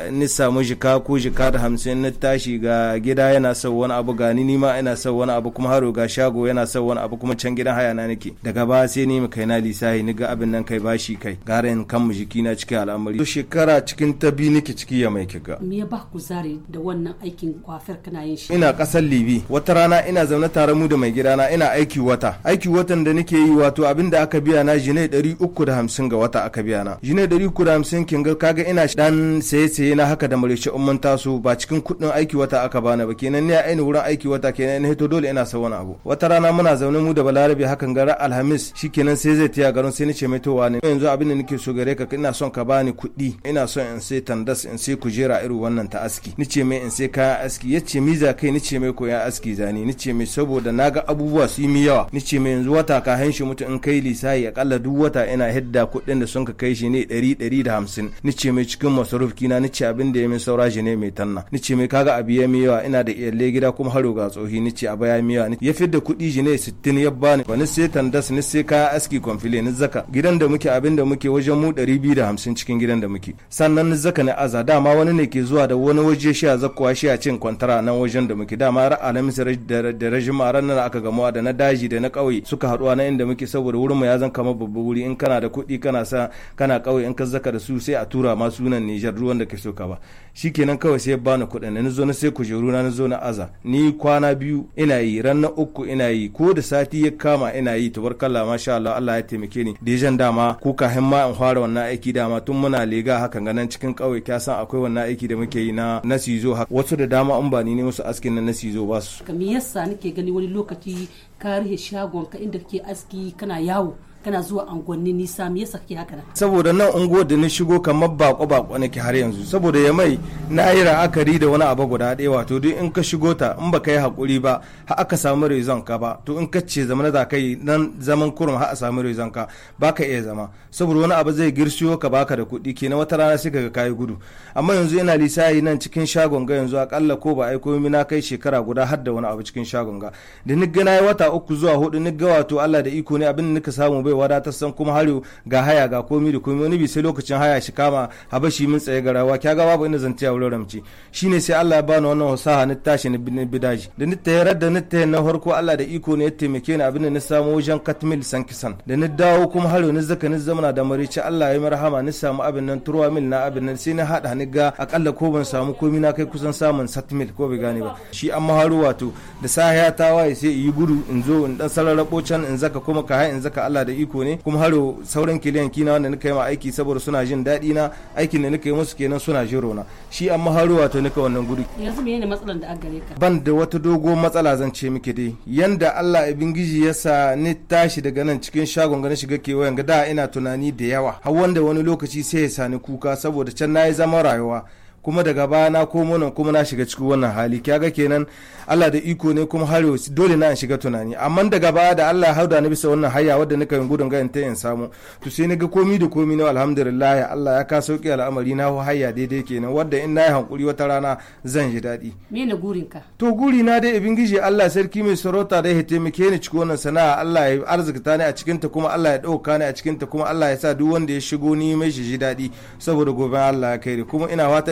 eh, ni samu jika ko jika da hamsin na tashi ga gida yana son wani abu ga ni ma ina son wani abu kuma haro ga shago yana son wani abu kuma can gidan haya na nake daga ba sai ni kai na lisahi ni ga abin nan kai bashi kai gara in kan mu jiki na cikin al'amari to shekara cikin tabi yake ciki ya mai kiga me ya ba kuzari da wannan aikin kwafar kana yin shi ina kasar libi wata rana ina zaune tare mu da mai gida na. ina aiki wata aiki watan da nake yi wato abin da aka biya na jine 350 ga wata aka biya na jine 350 kin ga kaga ina dan saye saye na haka da mureci umman taso ba cikin kuɗin aiki wata aka bana ba kenan a aini wurin aiki wata kenan ni hito dole ina sa abu wata rana muna zaune mu da balarabe hakan gara alhamis shikenan sai zai tiya garin sai ni ce mai towa ne yanzu abin da nake so gare ka ina son ka bani kuɗi ina son in sai tanda das in sai kujera irin wannan ta aski ni ce mai in sai kaya aski yace mi za kai ni ce mai koya aski zani ce mai saboda naga abubuwa su yi mi yawa ce mai yanzu wata ka hanshi mutu in kai lisayi akalla duk wata ina hidda kuɗin da sun ka kai shi ne ɗari ɗari da hamsin ce mai cikin masarufi kina ce abin da ya min saura shi ne mai tanna ce mai kaga abu ya mi yawa ina da iyalle gida kuma haro ga tsohi ce a baya mi yawa ya fidda kuɗi shi ne sittin ya bani ba ni sai tandas ni sai kayan aski kwamfile ni zaka gidan da muke abin da muke wajen mu ɗari biyu da hamsin cikin gidan da muke sannan ni zaka ne aza dama wani ne ke zuwa da wani waje shi a zakkuwa shi a cin kwantara nan wajen da muke dama har alamisa da rajim a ranar aka gamuwa da na daji da na kauye suka haɗuwa na inda muke saboda wurin mu ya zan kama babba wuri in kana da kuɗi kana sa kana ƙauye in ka zaka da su sai a tura ma sunan Nijar ruwan da ke so ka ba shikenan kawai sai bani kuɗin na zo na sai kujeru na zo na aza ni kwana biyu ina yi ran na uku ina yi ko da sati ya kama ina yi tabarkalla masha Allah Allah ya taimake ni dejan dama ko kahin ma in fara wannan aiki dama tun muna lega hakan ganan cikin ƙauye ta san akwai wannan aiki da muke yi na zo haka wasu da dama an ba ni ne musu askin na na sizo ba su kamar yasa nake gani wani lokaci ka rihe shagon ka inda kake aski kana yawo kana zuwa angonni nisa me yasa kake haka saboda nan unguwar da ni shigo kamar bako bako nake har yanzu saboda ya mai na yi ra'akari da wani abu guda ɗaya wato duk in ka shigo ta in baka yi hakuri ba har aka samu rezon ka ba to in ka ce zaman da kai nan zaman kurum har a samu rezon ka baka iya zama saboda wani abu zai girsiyo ka baka da kuɗi kenan wata rana sai ka kayi gudu amma yanzu ina lisayi nan cikin shagon ga yanzu akalla ko ba aiko mi na kai shekara guda har da wani abu cikin shagon ga da ni ga na yi wata uku zuwa hudu ni ga wato Allah da iko ne abin da nika samu bai wadatar san kuma haru ga haya ga komi da komi wani bi sai lokacin haya shi kama habashi min tsaye ga rawa kya ga babu inda zance a wurin ramci shine sai Allah ya bani wannan fasaha na tashi na bidaji da ni ta yarda ni ta na farko Allah da iko ne ya taimake ni abin da ni samu wajen katmil sankisan da ni dawo kuma haru ni zaka ni zamana da marici Allah ya marhama ni samu abin nan turwa mil na abin nan sai na hada ni ga akalla ko ban samu komi na kai kusan samun satmil ko bai gane ba shi an maharu wato da sahiya ta waye sai yi gudu in zo in dan sararrabo can in zaka kuma ka in zaka Allah da iko ne kuma haro sauran kiliyan kina wanda nika yi ma aiki saboda suna jin daɗi na aikin da nika yi musu kenan suna jiro na shi amma haro wato nika wannan guri yanzu menene matsalar da aka ka ban da wata dogo matsala zan ce miki dai yanda Allah ibingiji ya sa ni tashi daga nan cikin shagon ganin shiga kewayen ga da ina tunani da yawa har wanda wani lokaci sai ya sani kuka saboda can na yi zama rayuwa kuma daga baya na komo nan kuma na shiga cikin wannan hali kaga kenan Allah da iko ne kuma har dole na shiga tunani amma daga baya da Allah ya hauda na bisa wannan haya wadda nika yin gudun gayan ta in samu to sai na ga komi da komi ne alhamdulillah Allah ya ka sauki al'amari na haya daidai kenan wadda in na yi hankuri wata rana zan ji daɗi mene gurin ka to guri na dai ubangiji Allah sarki mai sarauta da ya taimake ni cikin wannan sana'a Allah ya arzikta ni a cikin kuma Allah ya ɗauka ni a cikinta ta kuma Allah ya sa duk wanda ya shigo ni mai shi ji daɗi saboda gobe Allah ya kai kuma ina fata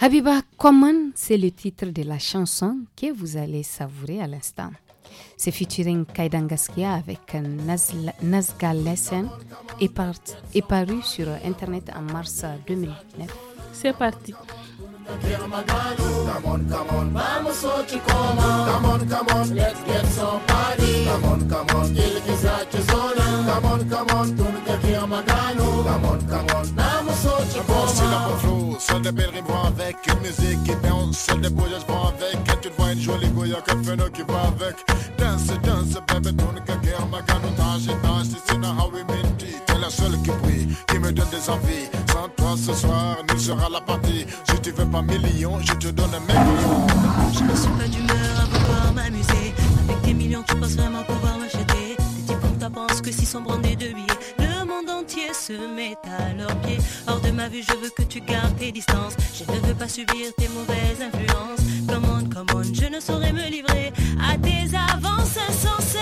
Habiba Common, c'est le titre de la chanson que vous allez savourer à l'instant. C'est featuring Kaidan Gaskia avec Nazga Lesson et paru sur Internet en mars 2009. C'est parti. Come on, come on. Vamos ocho coma. Come on, come on. Let's get some party. Come on, come on. Dile que sache zona. Come on, come on. Tú no Come on, come on. Vamos ocho coma. Je suis là pour vont avec. Musique et danse, seul des vont avec. qui va avec. T'es la seule qui brille, qui me donne des envies. Sans toi ce soir, nous sera la partie. Si tu veux pas millions, je te donne mes millions Je ne suis pas d'humeur à pouvoir m'amuser. Avec tes millions, tu penses vraiment pouvoir m'acheter. Tes types comme toi pensent que s'ils sont brandés de billets se met à leurs pieds. Hors de ma vue, je veux que tu gardes tes distances. Je ne veux pas subir tes mauvaises influences. Comment come on, je ne saurais me livrer à tes avances insensées.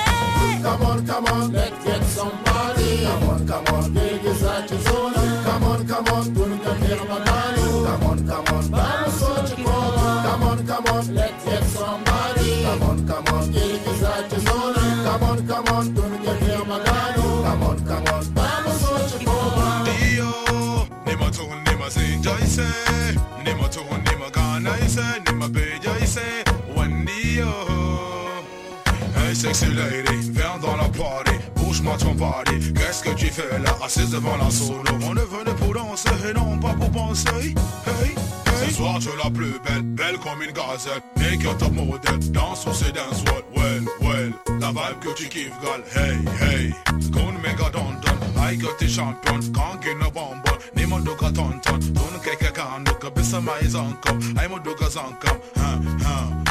Come on, come on, let's get somebody. Come on, come on, big is that you zone. Come on, come on, don't come here, Magani. Come on, come on, vamos, so chico. Come on, come on, let's get somebody. Come on, come on, big is that you Come on, come on, don't come here, Magani. Come on, come on, vamos, so chico. Dio, nemo to, nemo se, joyce, nemo to, nemo sexy lady, viens dans la party, bouge-moi ton party. Qu'est-ce que tu fais là, assise devant la solo On est venu pour danser et non pas pour penser. Hey, hey. Ce soir, tu es la plus belle, belle comme une gazelle. Make que top modèle, danse ou c'est dance world. Well, well, la vibe que tu kiffes, gal. Hey, hey, qu'on méga danton. Aïe que t'es champion, quand get no bonbon. Ni mon doka tonton, ton keke kando. Que maïs encore, aïe mon doka zankam. Hein, hein.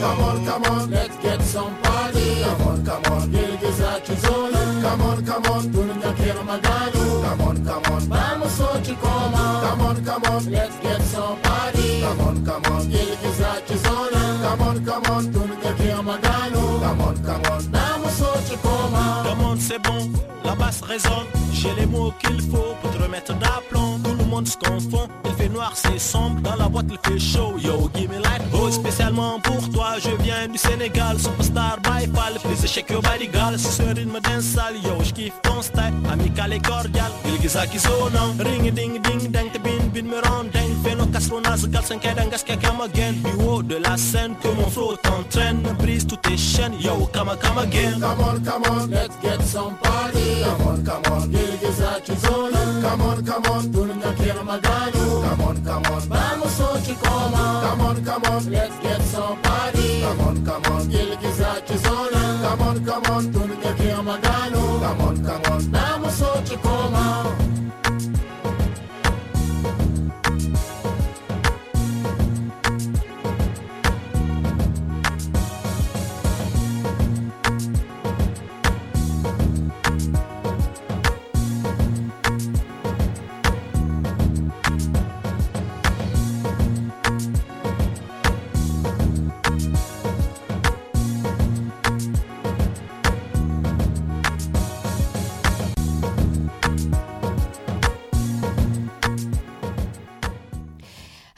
Come on, come on, let's get some party. Come on, come on, Gilgizaki Zoli. Come on, come on, Dunika Kirmagani. Come on, come on, vamos Ochikoma. Come on, come on, let's get some party. Come on, come on, Gilgizaki Zoli. Come on, come on, Dunika Kirmagani. Come on, come on, vamos Ochikoma. Come on, c'est bon, la basse résonne. J'ai les mots qu'il faut pour te remettre d'aplomb monde se confond, il fait noir, c'est sombre, dans la boîte il fait chaud, yo, give me life, oh, spécialement pour toi, je viens du Sénégal, superstar by fall, please check your body gal, si ce rythme d'un sale, yo, j'kiffe ton style, amical et cordial, il ça qui sonne, hein. ring ding ding ding, bin bin me rend ding, feno castronas, gal sans qu'elle engas qui come again, du haut de la scène, que mon flow t'entraîne, brise toutes tes chaînes, yo, come come again, come on, come on, let's get some party, come on, come on, il ça qui sonne, come on, come on, monde. Pierre Magano. Come on, come on, vamos Ochicoma. Come on, come on, let's get some party. Come on, come on, que ele Gilgizaki Zona. Come on, come on, tudo que Pierre Magano. Come on, come on, vamos Ochicoma.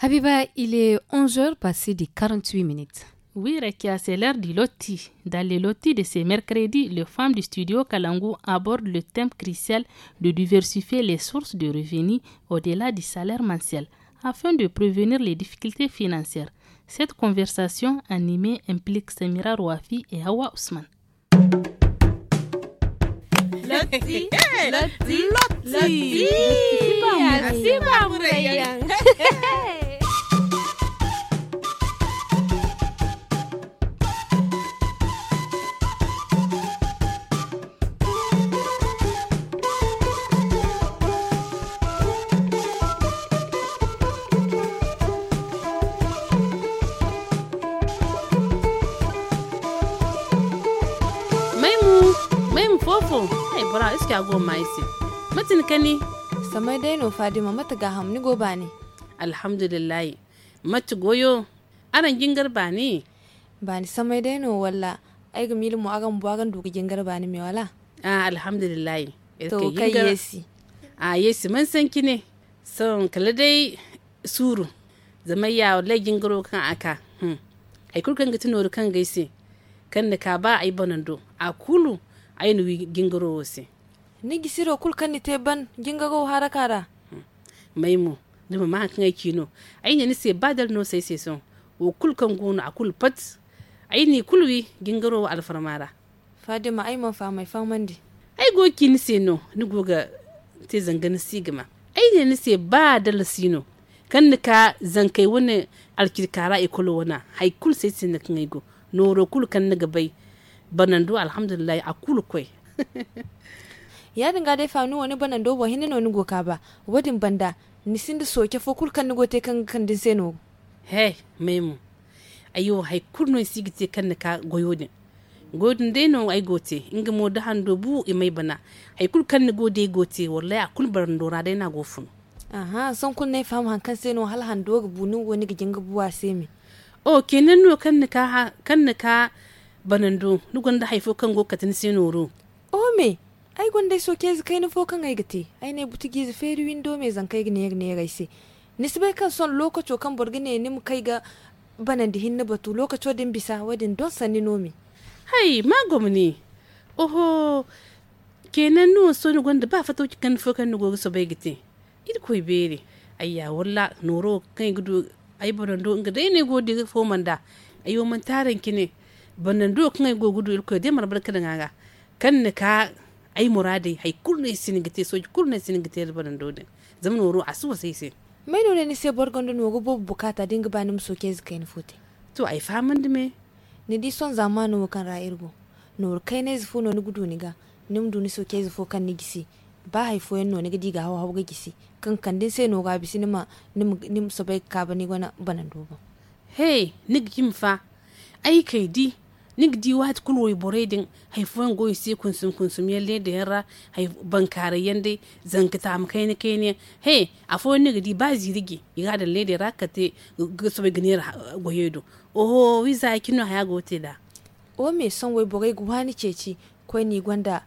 Habiba, il est 11h passé de 48 minutes. Oui, Rekia, c'est l'heure du loti. Dans les lotis de ce mercredi, les femmes du studio Kalangu abordent le thème crucial de diversifier les sources de revenus au-delà du salaire mensuel afin de prévenir les difficultés financières. Cette conversation animée implique Samira Rouafi et Hawa Ousmane. Loti, [laughs] loti, loti, [laughs] wara iske ago maisi matin kani samai dai no fadima mata ga hamni goba ne alhamdulillah mata goyo aran gingar ba ne ba ni samai dai no walla ai ga milmu agan buwagan duka gingar ba ne me wala ah alhamdulillah to kai yesi a yesi man san ki ne son kala dai suru zamayya wallahi gingaro kan aka hmm. ai kurkan ga tunori kan gaisi kan da ka ba ai banando a kulu ai ni gingaro wose ni gisiro kan ni te ban ginga go hara kara maimu nima ma kan ki no ai ne ni se badal no sai sai son wo kulkan a kul pat ai ni kulwi gingaro alfarmara fadima ai man fa mai famandi ai ki ni se no ni ga te zangani sigma ai ne ni se badal sino kan ni ka zankai wani alkirkara ikulu e wana haikul sai sai na kan aigo noro kul kan ni gabai banando alhamdulillah akul koi [laughs] yadinga dai fanu wani bana dobo hinne no nugo ba wadin banda da soke fo kul kan nugo te kan kan din seno he memu ayo hay kurno sigite kan ka goyodin godin dai no ai gote inga mo da hando bu e mai bana hay kul kan nugo dai gote wallahi a kul baran dora dai na gofun aha son kun ne fam han kan seno hal hando ga bunu wani gijin gabuwa sai o kenan no kan ka kan ka banando nugo da haifo kan go katin ro o me ai so ke kaina fo kan ai gati ai ne buti ze feri window me zan kai ne ne gaise bai kan son lokaco kan ne nim kai ga banan di hinna batu lokaco din bisa wadin don sani nomi hai magom ne oho kenan nuwa so ni gwanda ba fata ki kan fo kan ni gogo so bai gati ir koi bere ayya walla noro kan gudu ai do inga dai ne gode fo manda ayo man taran ki ne banan do kan ai gogudu gudu ir koi dai marbar kan ga kan ni ka ay morade hay kulne sinigite soji kulne sinigite ribaran dodin zaman woro asuwa sai sai mai ni se bor da nogo bo bukata dinga banum so musu kezi kai fute to ai ni di son zamanu nor no ni gudu ga nim so kezi fo kan ni gisi ba hay no ni gidi ga hawa ga gisi kan kan din no ga bisi ni nim nim so ka gona hey ni gimfa ai di nik diwa kun wai bore din haifuwan goyi sai kunsum kunsum yelle da yara bankare yande zangata am kai ne kai ne he afo nik di ba zirige iga da lede rakate gso be gnir goyedo oho wiza kinu haya gote da o me son woy bore gwani ceci kwai ni gwanda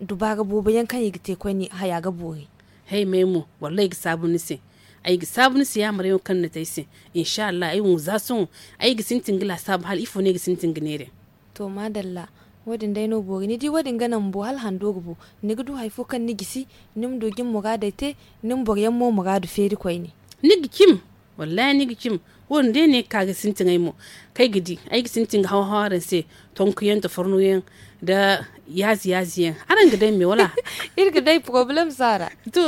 dubara bobo kan yigite kwai ni haya ga bore hey memo wallahi sabu nisi ay gi sabun ya yamare yo kan na taisi insha Allah ay za sun ay ga sintin gila sabu hal ifo ne ga sintin ginere to madalla wadin dai no bori ni di wadin ganan bo hal hando gubo ni gudu haifo kan ni gisi nim dogin da te nim boryan mo muradu feri koi ne ni gikim wallahi ni gikim won dai ne kaga sintin ai mo kai gidi ai sintin hawa hawaran se tonkuyen ta farnoyen da yazi yazi yaziyen aran ga dai me wala [laughs] irga dai problem sara to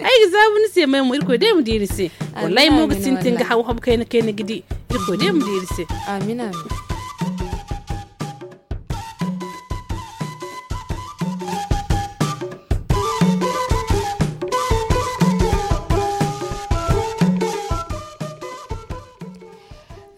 ai ga zabu ni se mai mu irko dai mu diri se wallahi mo ga sintin ga hawa hawa kai ne kai ne gidi irko dai mu diri se amina amin.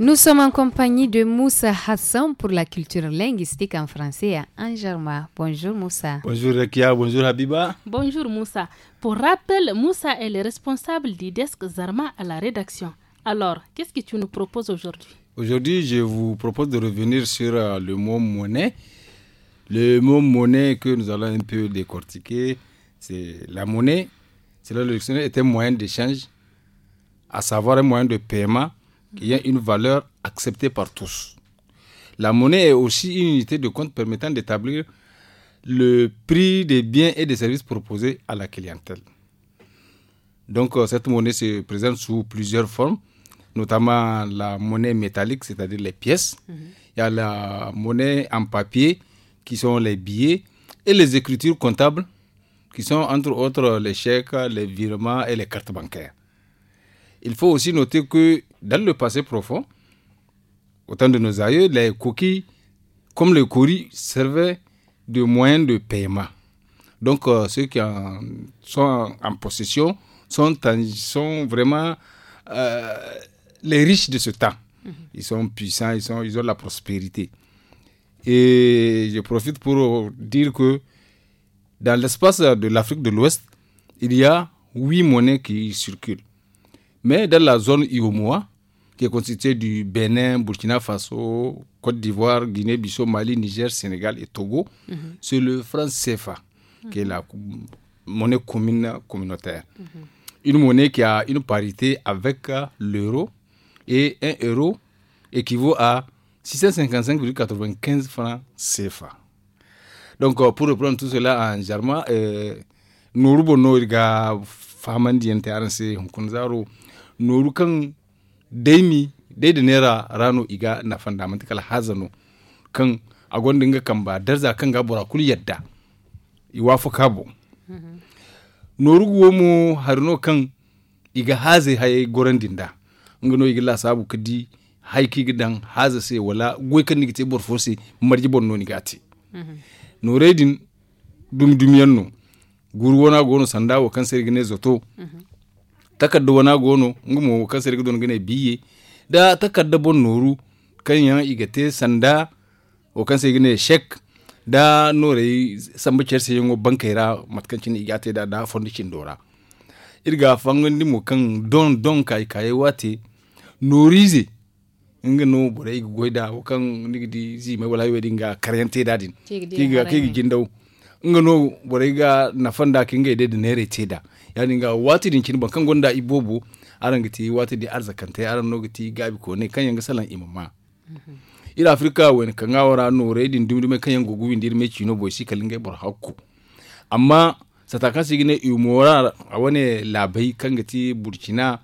Nous sommes en compagnie de Moussa Hassan pour la culture linguistique en français à Anjarma. Bonjour Moussa. Bonjour Rekia, bonjour Habiba. Bonjour Moussa. Pour rappel, Moussa est le responsable du desk Zarma à la rédaction. Alors, qu'est-ce que tu nous proposes aujourd'hui Aujourd'hui, je vous propose de revenir sur euh, le mot monnaie. Le mot monnaie que nous allons un peu décortiquer, c'est la monnaie. C'est un moyen d'échange, à savoir un moyen de paiement y a une valeur acceptée par tous. La monnaie est aussi une unité de compte permettant d'établir le prix des biens et des services proposés à la clientèle. Donc euh, cette monnaie se présente sous plusieurs formes, notamment la monnaie métallique, c'est-à-dire les pièces. Mhm. Il y a la monnaie en papier, qui sont les billets, et les écritures comptables, qui sont entre autres les chèques, les virements et les cartes bancaires. Il faut aussi noter que dans le passé profond, au temps de nos aïeux, les coquilles, comme le courri, servaient de moyen de paiement. Donc, euh, ceux qui sont en possession sont, vraiment euh, les riches de ce temps. Mhm. Ils sont puissants, ils, sont, ils ont la prospérité. Et je profite pour dire que dans l'espace de l'Afrique de l'Ouest, il y a huit monnaies qui circulent. Mais dans la zone Ioumoa, qui est constituée du Bénin, Burkina Faso, Côte d'Ivoire, Guinée-Bissau, Mali, Niger, Sénégal et Togo, mhm. c'est le franc CFA, qui est la monnaie commune communautaire. Mhm. Une monnaie qui a une parité avec euh, l'euro et un euro équivaut à 655,95 francs CFA. Donc, euh, pour reprendre tout cela en germain, euh, nous avons noru kan daimi dai da naira rano iga na fanda mantikal hazano kan a gwanda inga kan ba darza kan ga burakul yadda iwafu kabo mhm. noru guwo mu harno kan iga haze haye goran dinda ngano iga la sabu kadi haiki gidan haza sai wala goy kan nigite marji bonno ni gati no mhm. redin dum dum yanno guru wona gono sanda kan sergine zoto mhm. takarda wana gono ngumo kasir gidon gane biye da takarda bon noru kan yan igate sanda o kan sai gane shek da nore samba cerse yango bankaira matkancin igate da da fondicin dora irga fangon dimo kan don don kai kai wate norize nga no bore igi goyda o kan nigdi zi mai wala wedi nga karyante dadin kiga kiga gindaw nga no bore ga nafanda kinga ide de nere teda yani ga wati din kin bankan gonda ibobo aran gati wati di arzakanta aran no gabi ko ne kan yanga salan imama mhm. ila afrika wen kan awara no redin dumdume kan yango guwin me chino boy sikalin ga bor hakku amma sataka sigine imora awane labai kan gati burkina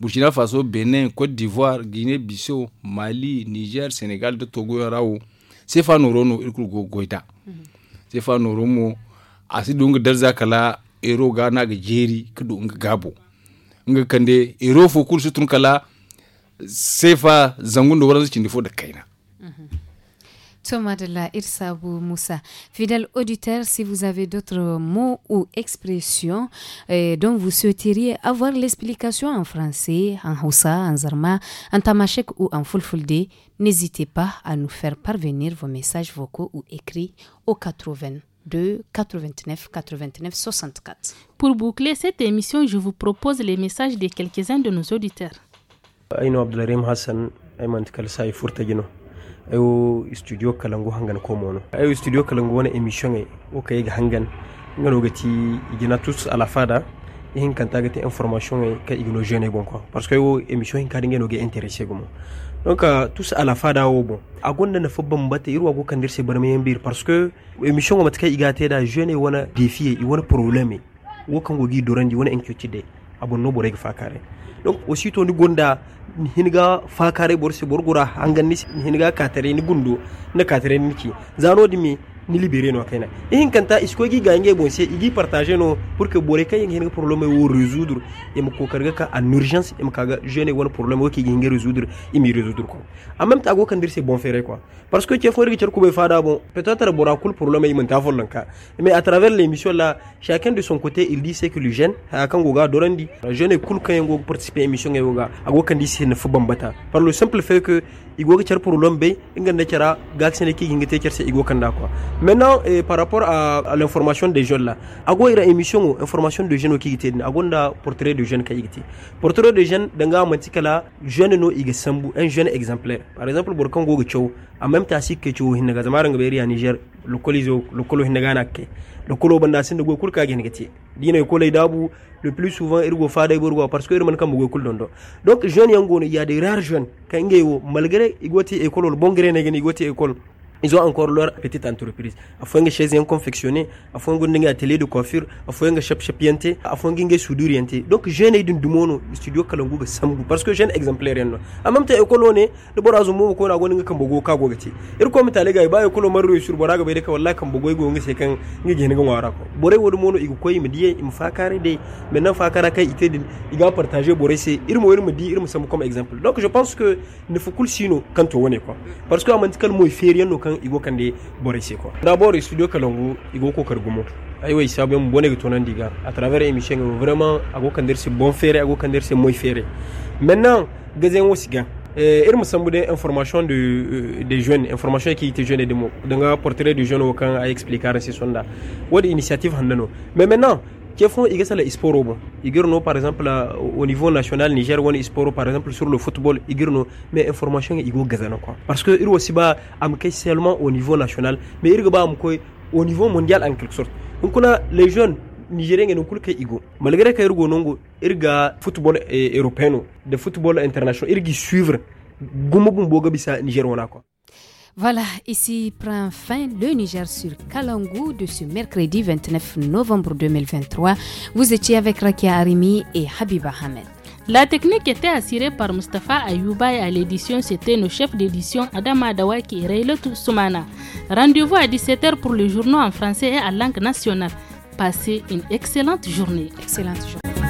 burkina faso benin cote d'ivoire guinée bissau mali niger senegal da togo yarawo sefa noro no irkul go goita mhm. sefa noro mo asi dunga darza kala ero ga naga jeri kudu nga gabo nga kande ero fo kul sutun kala sefa zangundo da waransu fo da kaina mhm. Thomas de la Irsabou Moussa. Fidèle auditeur, si vous avez d'autres mots ou expressions euh, dont vous souhaiteriez avoir l'explication en français, en Hausa, en Zarma, en Tamashek ou en Fulfulde, n'hésitez pas à nous faire parvenir vos messages vocaux ou écrits au 80 de 89 89 64. Pour boucler cette émission, je vous propose les messages de quelques-uns de nos auditeurs. aino Rim hassan ay mantikal sai furta studio Kalango hangan ko mono ayo studio Kalango wani emission ay e, o hangan ngalo gati igina tous la fada ihin kan information ay e, ka igno jeune bon parce que yo emission hin kadin ngeno intéressé gomo donc euh, tout ça à la fada wo bon agonda na fubban bata irwa go kan dirse bar mayan bir parce que émission wa matkai igate da jeune wana défi i wana problème wo kan go gi dorandi wana inquiétude abon ah no boreg fakare donc aussi to ni gonda hiniga fakare borse borgura hanganni hinga katare ni gundo na katare niki zano dimi ni libéré no kaina in kanta isko qui gagne bon c'est y partager no pour que y ait un problème ou résoudre Et mo ko ka en urgence e mo kaga jeune won problème wo ki ngene résoudre et me résoudre quoi. en même temps go kan c'est bon faire quoi parce que tu as fait que tu fada bon peut-être bora cool problème e menta lanka mais à travers l'émission là chacun de son côté il dit c'est que le jeune ah, à kan go ga dorandi jeune cool kan go participer émission go à ago kan dit c'est ne faut bambata par le simple fait que igo l'homme problème be ngande chara gaxene ki ngite cher se igo kanda quoi maintenant eh, par rapport à, à l'information des jeunes là ago ira émission information de jeunes qui gite agonda portrait de jeunes ka gite portrait de jeunes danga mantikala jeune no iga sambu un jeune exemplaire par exemple borkan go go en même temps si ke cho hinna Niger lokolizo lokolo hinna nakke le kolo banda sin go kulka gen gati dina e ko lay dabu le plus souvent irgo fada burgo parce que irman kam go kul dondo donc jeune yango y ya des rares jeunes kan ngewo malgré igoti école bon gré ne gen igoti école ils ont encore leur petite entreprise afin que chez un confectionné afin que ngi atelier de coiffure afin que chef chapienté afin que soudure soudurienté donc jeune idin dumono studio Kalungu ga sambu parce que jeune exemplaire no en même temps école le borazo mo ko na gonin kan bogo ka goga ti ir ko mitale ga ba école marro sur boraga ka wallahi kan bogo go ngi se kan ngi gene ngi wara ko wodo mono igu koyi mi diye im fakare de maintenant fakara kai ite din iga partager bore se ir mo ir di sam comme exemple donc je pense que ne faut cool sino quand to wone quoi parce que amantikal mo feriano kan kan igo kan bore se d'abord studio kalangu igo ko kargumo aiwa isabe mu bone gito diga à travers émission vraiment ago kan der se bon fere ago kan der se moy fere maintenant gazen wosiga irin eh, er musambu des information de euh, des jeunes, information qui était jeune et de mo danga portrait du jeune aucun a expliquer ce sonda quelle initiative handano mais maintenant ke fon iga sala isporo bon igirno par exemple euh, au niveau national niger woni isporo par exemple sur le football igirno mais information igo gazana quoi parce que ir aussi ba am seulement au niveau national mais irga ba am au niveau mondial en quelque sorte donc on a les jeunes nigériens ngene kulka igo malgré que irgo nongo irga football euh, européen de football international irgi suivre gumbu bumbo ga bisa niger quoi voilà, ici prend fin le Niger sur Kalangou de ce mercredi 29 novembre 2023. Vous étiez avec Rakia Arimi et Habiba Hamed. La technique était assurée par Mustafa Ayouba et à l'édition, c'était nos chefs d'édition Adama Dawaki et Soumana. Rendez-vous à 17h pour le journaux en français et en langue nationale. Passez une excellente journée. Excellente journée.